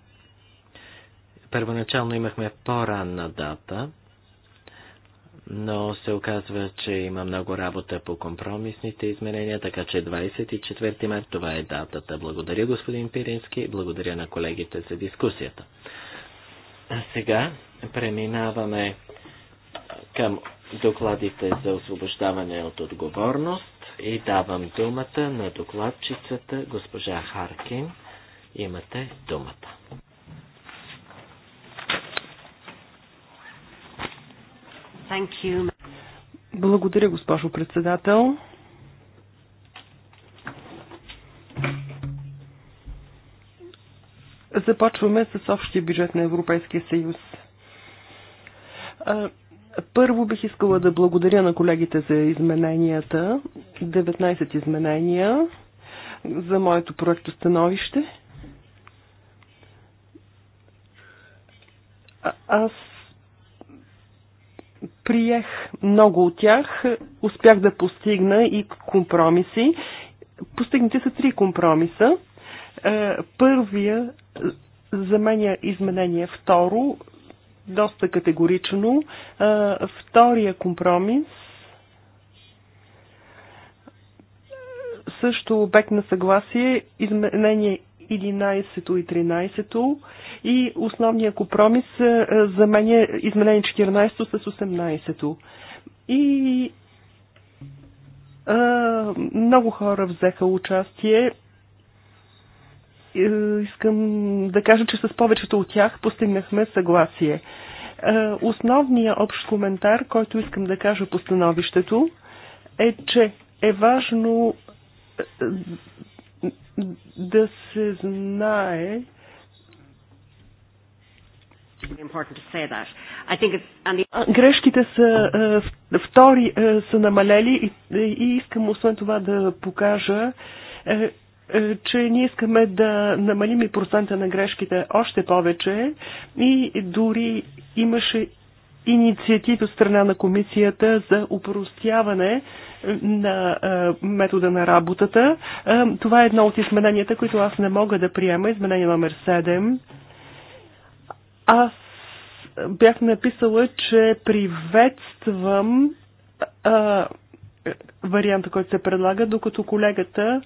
Първоначално имахме по-ранна дата, но се оказва, че има много работа по компромисните изменения, така че 24 март това е датата. Благодаря господин Пирински, благодаря на колегите за дискусията. А сега преминаваме към докладите за освобождаване от отговорност и давам думата на докладчицата госпожа Харкин. Имате думата. Благодаря, госпожо председател. Започваме с общия бюджет на Европейския съюз. Първо бих искала да благодаря на колегите за измененията, 19 изменения за моето проекто становище. Аз приех много от тях, успях да постигна и компромиси. Постигнати са три компромиса. Е, първия е, заменя е изменение второ, доста категорично. Втория компромис също обект на съгласие изменение 11 и 13 и основния компромис е, е, заменя е изменение 14 с 18. И а, много хора взеха участие. Искам да кажа, че с повечето от тях постигнахме съгласие. Основният общ коментар, който искам да кажа по становището, е, че е важно да се знае. Грешките са е, втори е, са намалели и искам освен това да покажа, е, че ние искаме да намалим и процента на грешките още повече и дори имаше инициатив от страна на комисията за упростяване на метода на работата. Това е едно от измененията, които аз не мога да приема. Изменение номер 7. Аз бях написала, че приветствам а, варианта, който се предлага, докато колегата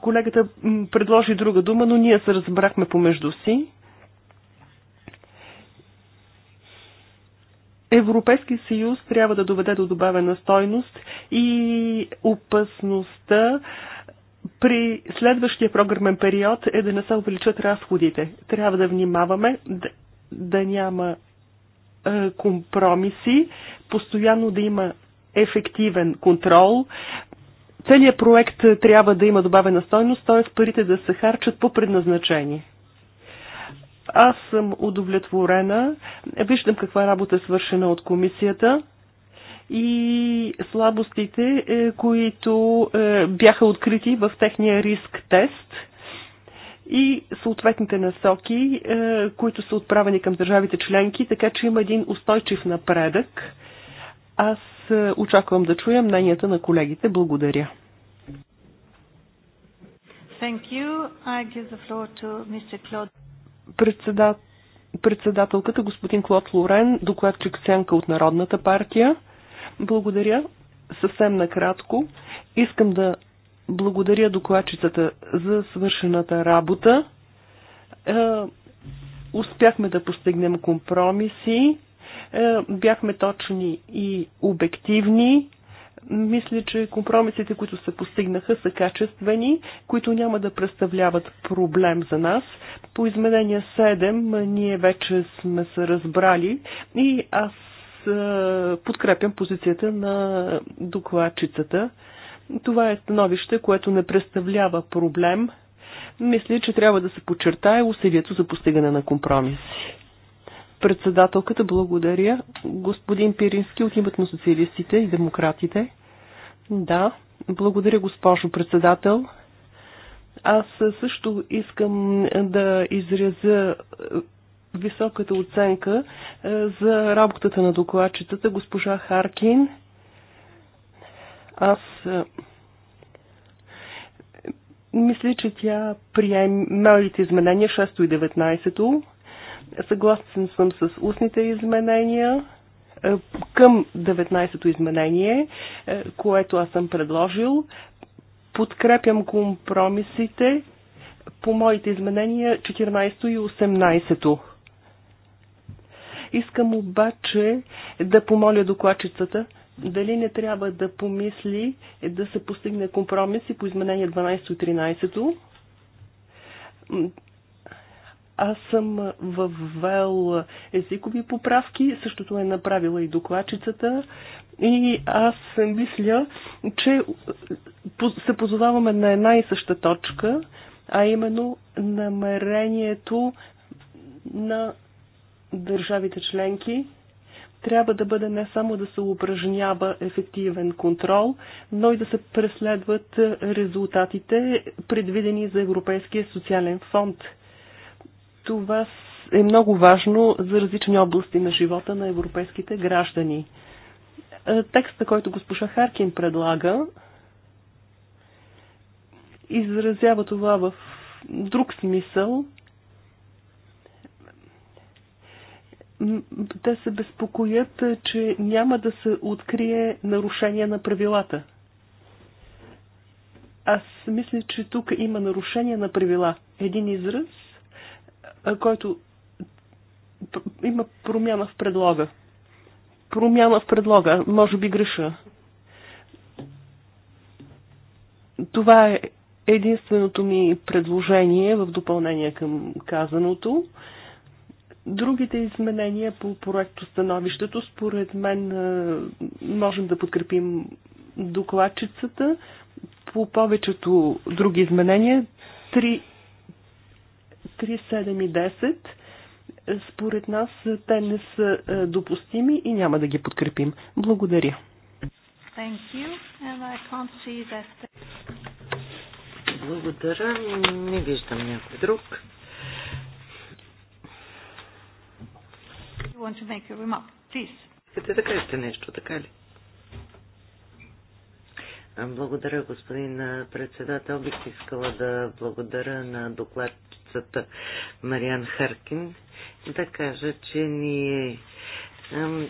колегата предложи друга дума, но ние се разбрахме помежду си. Европейски съюз трябва да доведе до добавена стойност и опасността при следващия програмен период е да не се увеличат разходите. Трябва да внимаваме да, да няма е, компромиси, постоянно да има ефективен контрол. Целият проект трябва да има добавена стойност, т.е. парите да се харчат по предназначение. Аз съм удовлетворена. Виждам каква работа е свършена от комисията и слабостите, е, които е, бяха открити в техния риск тест и съответните насоки, е, които са отправени към държавите членки, така че има един устойчив напредък. Аз очаквам да чуя мненията на колегите. Благодаря. Thank you. I give the floor to Mr. Claude председателката господин Клод Лорен, докладчик Сянка от Народната партия. Благодаря. Съвсем накратко. Искам да благодаря докладчицата за свършената работа. Е, успяхме да постигнем компромиси. Е, бяхме точни и обективни. Мисля, че компромисите, които се постигнаха, са качествени, които няма да представляват проблем за нас. По изменения 7 ние вече сме се разбрали и аз подкрепям позицията на докладчицата. Това е становище, което не представлява проблем. Мисля, че трябва да се подчертае усилието за постигане на компромиси. Председателката, благодаря. Господин Пирински от името на социалистите и демократите. Да, благодаря, госпожо председател. Аз също искам да изразя високата оценка е, за работата на докладчетата, госпожа Харкин. Аз е, мисля, че тя прие малите изменения 6 и Съгласен съм с устните изменения е, към 19-то изменение, е, което аз съм предложил. Подкрепям компромисите по моите изменения 14-то и 18-то. Искам обаче да помоля докладчицата дали не трябва да помисли да се постигне компромиси по изменения 12 и 13. Аз съм въвел езикови поправки, същото е направила и докладчицата. И аз мисля, че се позоваваме на една и съща точка, а именно намерението на държавите членки трябва да бъде не само да се упражнява ефективен контрол, но и да се преследват резултатите, предвидени за Европейския социален фонд – това е много важно за различни области на живота на европейските граждани. Е, текста, който госпожа Харкин предлага, изразява това в друг смисъл. Те се безпокоят, че няма да се открие нарушение на правилата. Аз мисля, че тук има нарушение на правила. Един израз – който има промяна в предлога. Промяна в предлога. Може би греша. Това е единственото ми предложение в допълнение към казаното. Другите изменения по проекто становището, според мен, можем да подкрепим докладчицата по повечето други изменения. три. 3, 7 и 10 според нас те не са допустими и няма да ги подкрепим. Благодаря. That... Благодаря. Не виждам някой друг. Искате да кажете нещо, така ли? Благодаря, господин председател. Бих искала да благодаря на доклад докладчицата Мариан Харкин да кажа, че ние ам,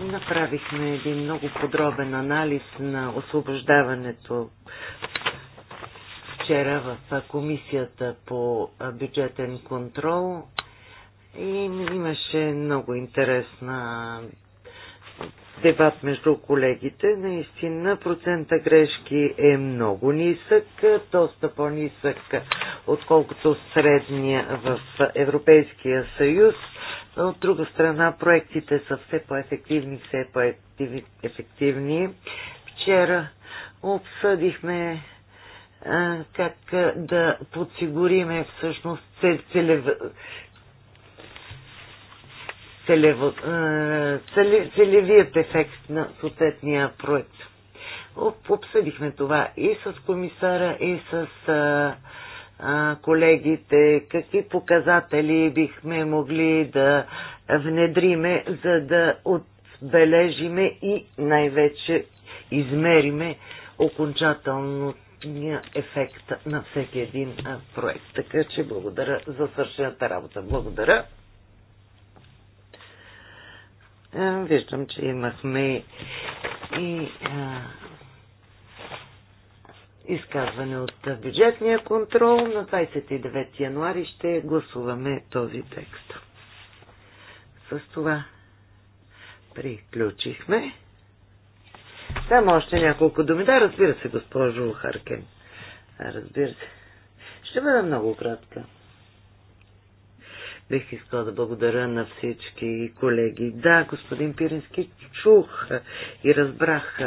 направихме един много подробен анализ на освобождаването вчера в комисията по бюджетен контрол и имаше много интересна дебат между колегите. Наистина процента грешки е много нисък, доста по-нисък, отколкото средния в Европейския съюз. Но от друга страна, проектите са все по-ефективни, все по-ефективни. Вчера обсъдихме как да подсигуриме всъщност целев, целево, цели, целевият ефект на съответния проект. Обсъдихме това и с комисара, и с а, а, колегите, какви показатели бихме могли да внедриме, за да отбележиме и най-вече измериме окончателно ефект на всеки един проект. Така че благодаря за свършената работа. Благодаря. Виждам, че имахме и а, изказване от бюджетния контрол. На 29 януари ще гласуваме този текст. С това приключихме. Само още няколко думи. Да, разбира се, госпожо Харкен. Разбира се. Ще бъда много кратка. Бих искала да благодаря на всички колеги. Да, господин Пирински, чух и разбрах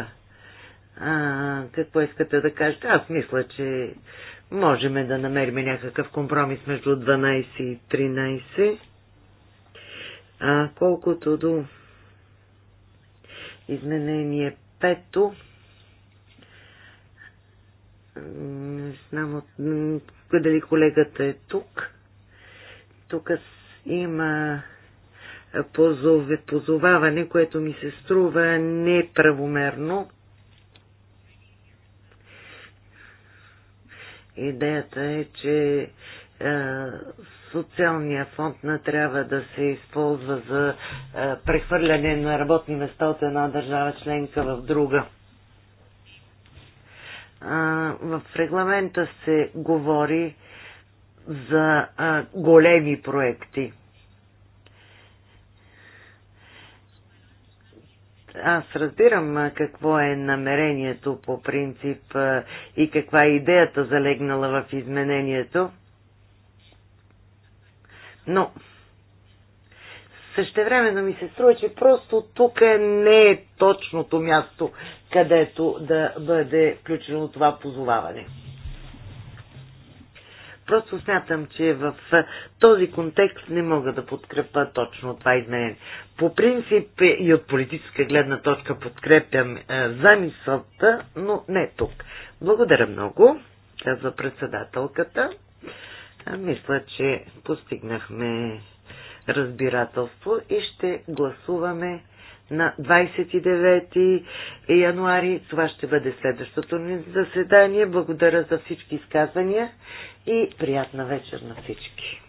а, какво искате да кажете. Аз мисля, че можем да намерим някакъв компромис между 12 и 13. А, колкото до изменение пето, не знам от, дали колегата е тук. Тук има позоваване, което ми се струва неправомерно. Идеята е, че социалния фонд не трябва да се използва за прехвърляне на работни места от една държава членка в друга. В регламента се говори за а, големи проекти. Аз разбирам какво е намерението по принцип и каква е идеята залегнала в изменението, но Същевременно ми се струва, че просто тук не е точното място, където да бъде включено това позоваване. Просто смятам, че в този контекст не мога да подкрепа точно това изменение. По принцип е, и от политическа гледна точка подкрепям замисълта, но не тук. Благодаря много, казва председателката. Мисля, че постигнахме разбирателство и ще гласуваме на 29 януари. Това ще бъде следващото ни заседание. Благодаря за всички изказвания и приятна вечер на всички.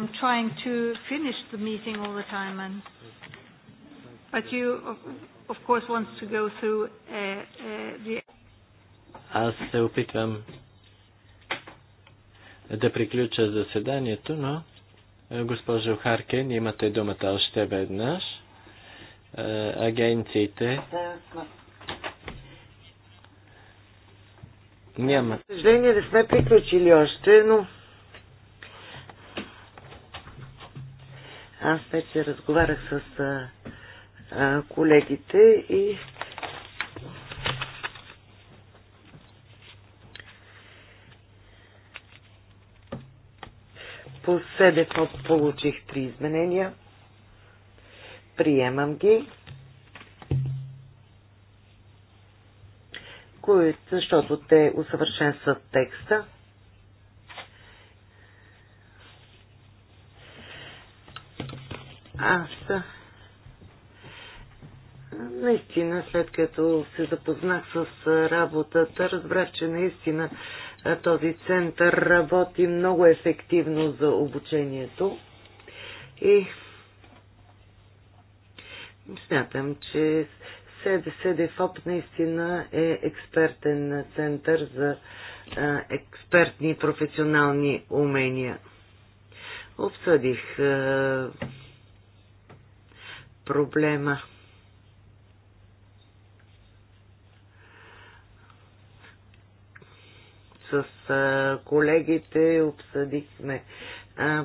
I'm trying to finish the meeting all the time and But you, of, of course, want to go through uh, uh, the... Аз се опитвам да приключа заседанието, но е, госпожо Харкен, имате думата още веднъж. Е, агенциите... Няма. Съжаление, не сме приключили още, но аз вече разговарях с е, колегите и по себе получих три изменения. Приемам ги. Които, защото те усъвършенстват текста. Аз наистина, след като се запознах с работата, разбрах, че наистина този център работи много ефективно за обучението и смятам, че СДФОП наистина е експертен център за експертни професионални умения. Обсъдих проблема с колегите, обсъдихме,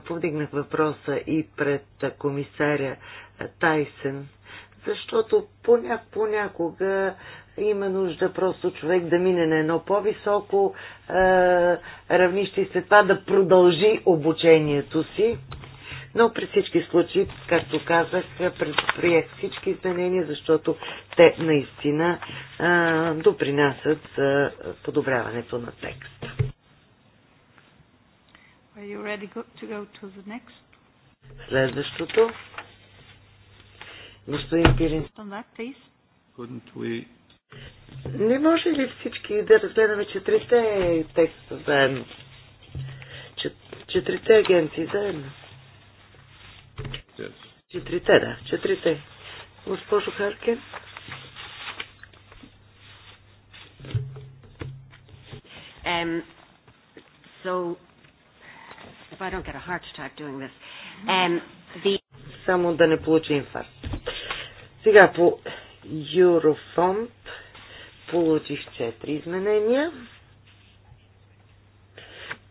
повдигнах въпроса и пред комисаря Тайсен, защото поня, понякога има нужда просто човек да мине на едно по-високо е, равнище и след това да продължи обучението си. Но при всички случаи, както казах, предприех всички изменения, защото те наистина а, допринасят за подобряването на текста. Are you ready to go to the next? Следващото. Господин Пирин. Не може ли всички да разгледаме четирите текста заедно? Четирите агенции заедно? Четирите, да. Четирите. Госпожо Харкен. Um, so, if I don't get a heart attack doing this, um, the... Само да не получи инфаркт. Сега по Юрофонд получих четири изменения.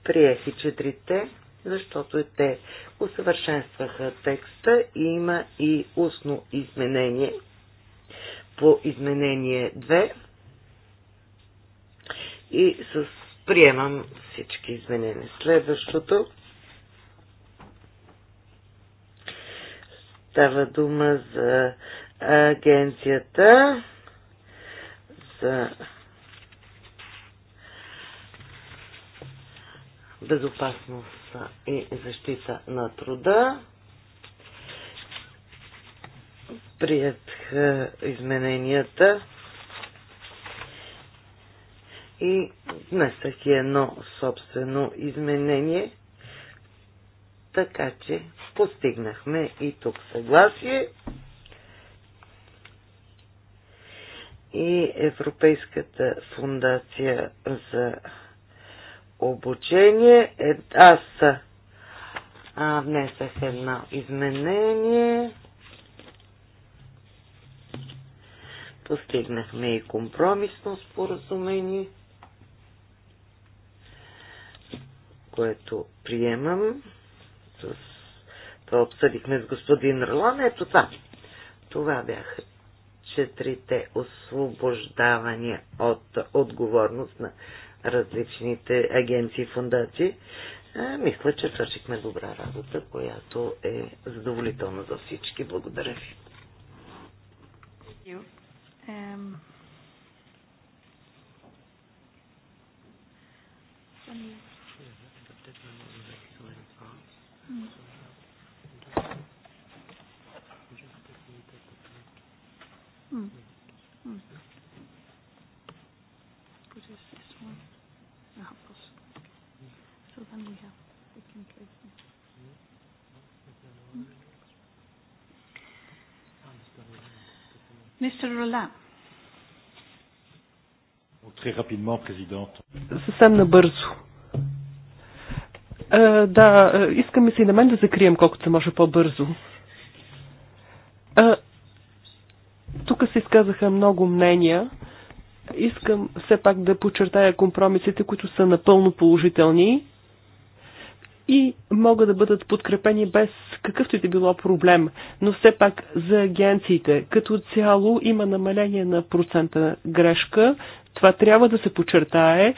Приехи четирите, защото те усъвършенстваха текста и има и устно изменение по изменение 2 и с приемам всички изменения. Следващото става дума за агенцията за безопасност и защита на труда. Прият е, измененията и внесах и едно собствено изменение, така че постигнахме и тук съгласие. И Европейската фундация за обучение. Е, аз а, внесах едно изменение. Постигнахме и компромисно споразумение, което приемам. С... Това обсъдихме с господин Рлан. Ето това. Това бяха четирите освобождавания от отговорност на различните агенции и фундации. мисля, че свършихме добра работа, която е задоволителна за всички. Благодаря ви. Um, um, Très rapidement, Съвсем набързо. Е, да, е, искаме се и на мен да закрием колкото се може по-бързо. Е, тук се изказаха много мнения. Искам все пак да подчертая компромисите, които са напълно положителни и могат да бъдат подкрепени без какъвто и да било проблем. Но все пак за агенциите като цяло има намаление на процента грешка. Това трябва да се почертае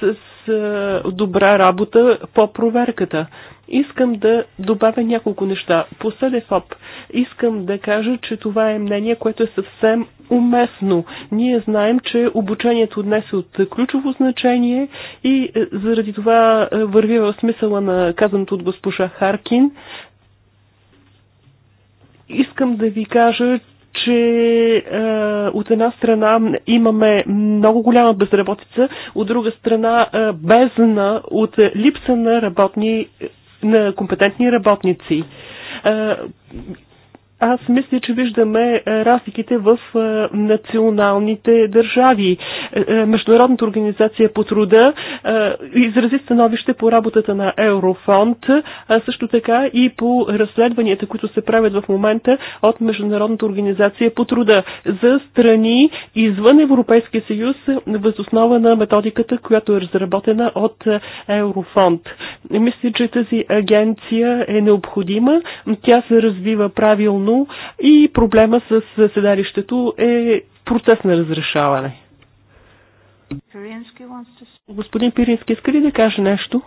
с, с е, добра работа по проверката. Искам да добавя няколко неща. По СДФОП искам да кажа, че това е мнение, което е съвсем уместно. Ние знаем, че обучението днес е от ключово значение и е, заради това е, върви в смисъла на казаното от госпожа Харкин. Искам да ви кажа, че е, от една страна имаме много голяма безработица, от друга страна е, бездна от липса на работни, на компетентни работници. Е, аз мисля, че виждаме е, разликите в е, националните държави. Е, Международната организация по труда изрази становище по работата на Еврофонд, а също така и по разследванията, които се правят в момента от Международната организация по труда за страни извън Европейския съюз, възоснова на методиката, която е разработена от Еврофонд. Мисля, че тази агенция е необходима. Тя се развива правилно по и проблема с седалището е процес на разрешаване. Господин Пирински, иска ли да каже нещо?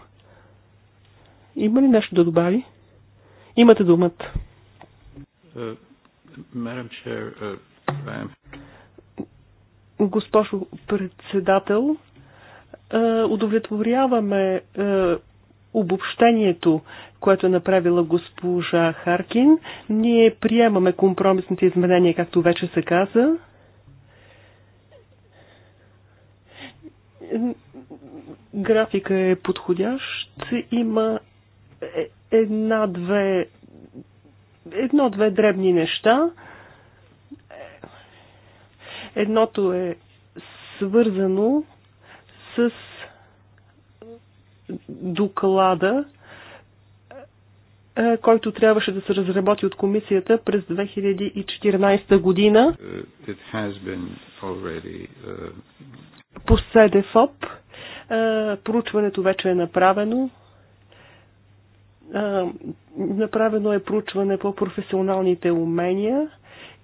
Има ли нещо да добави? Имате думата. Uh, uh, Госпожо председател, uh, удовлетворяваме обобщението, което е направила госпожа Харкин. Ние приемаме компромисните изменения, както вече се каза. Графика е подходящ. Има е, една-две едно-две дребни неща. Едното е свързано с доклада, е, който трябваше да се разработи от комисията през 2014 година е, already, uh... по СДФОП. Проучването вече е направено. Направено е проучване по професионалните умения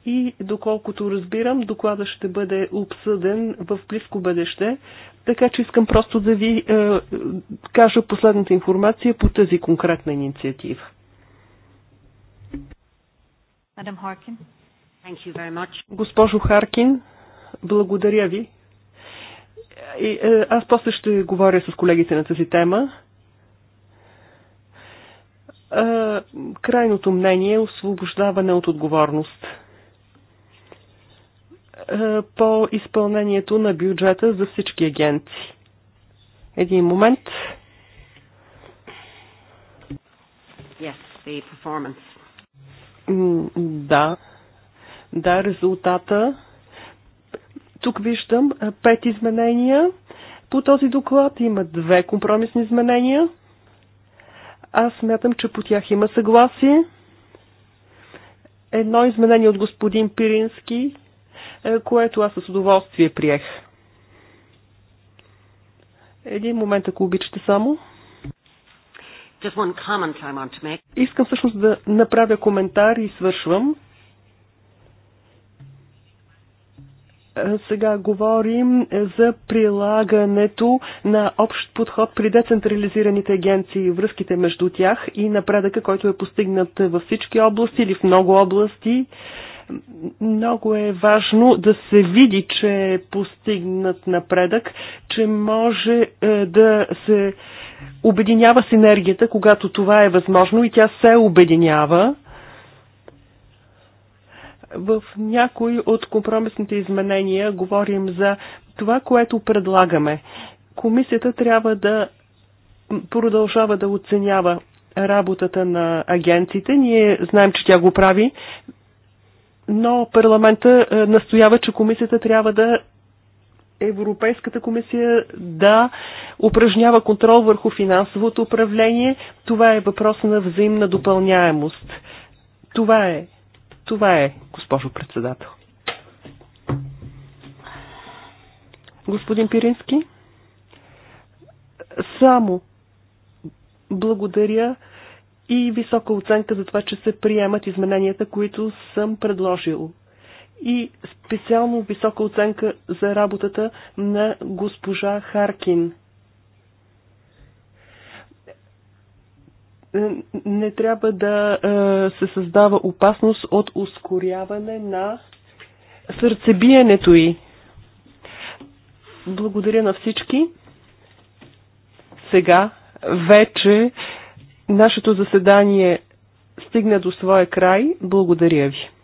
и доколкото разбирам, доклада ще бъде обсъден в близко бъдеще така че искам просто да ви е, кажа последната информация по тази конкретна инициатива. Мадам Харкин. Thank you very much. Госпожо Харкин, благодаря ви. И, е, аз после ще говоря с колегите на тази тема. Е, крайното мнение е освобождаване от отговорност. Е, по изпълнението на бюджета за всички агенти. Един момент. Yes, the performance. Да. Да, резултата. Тук виждам е, пет изменения. По този доклад има две компромисни изменения. Аз смятам, че по тях има съгласие. Едно изменение от господин Пирински, е, което аз с удоволствие приех. Един момент, ако обичате само. Искам всъщност да направя коментар и свършвам. Е, сега говорим за прилагането на общ подход при децентрализираните агенции, връзките между тях и напредъка, който е постигнат във всички области или в много области. Много е важно да се види, че е постигнат напредък, че може е, да се обединява синергията, когато това е възможно и тя се обединява. В някои от компромисните изменения говорим за това, което предлагаме. Комисията трябва да продължава да оценява работата на агенците. Ние знаем, че тя го прави но парламента е, настоява, че комисията трябва да Европейската комисия да упражнява контрол върху финансовото управление. Това е въпрос на взаимна допълняемост. Това е. Това е, госпожо председател. Господин Пирински, само благодаря и висока оценка за това, че се приемат измененията, които съм предложил. И специално висока оценка за работата на госпожа Харкин. Е, не трябва да е, се създава опасност от ускоряване на сърцебиенето й. Благодаря на всички. Сега вече Нашето заседание стигна до своя край. Благодаря ви.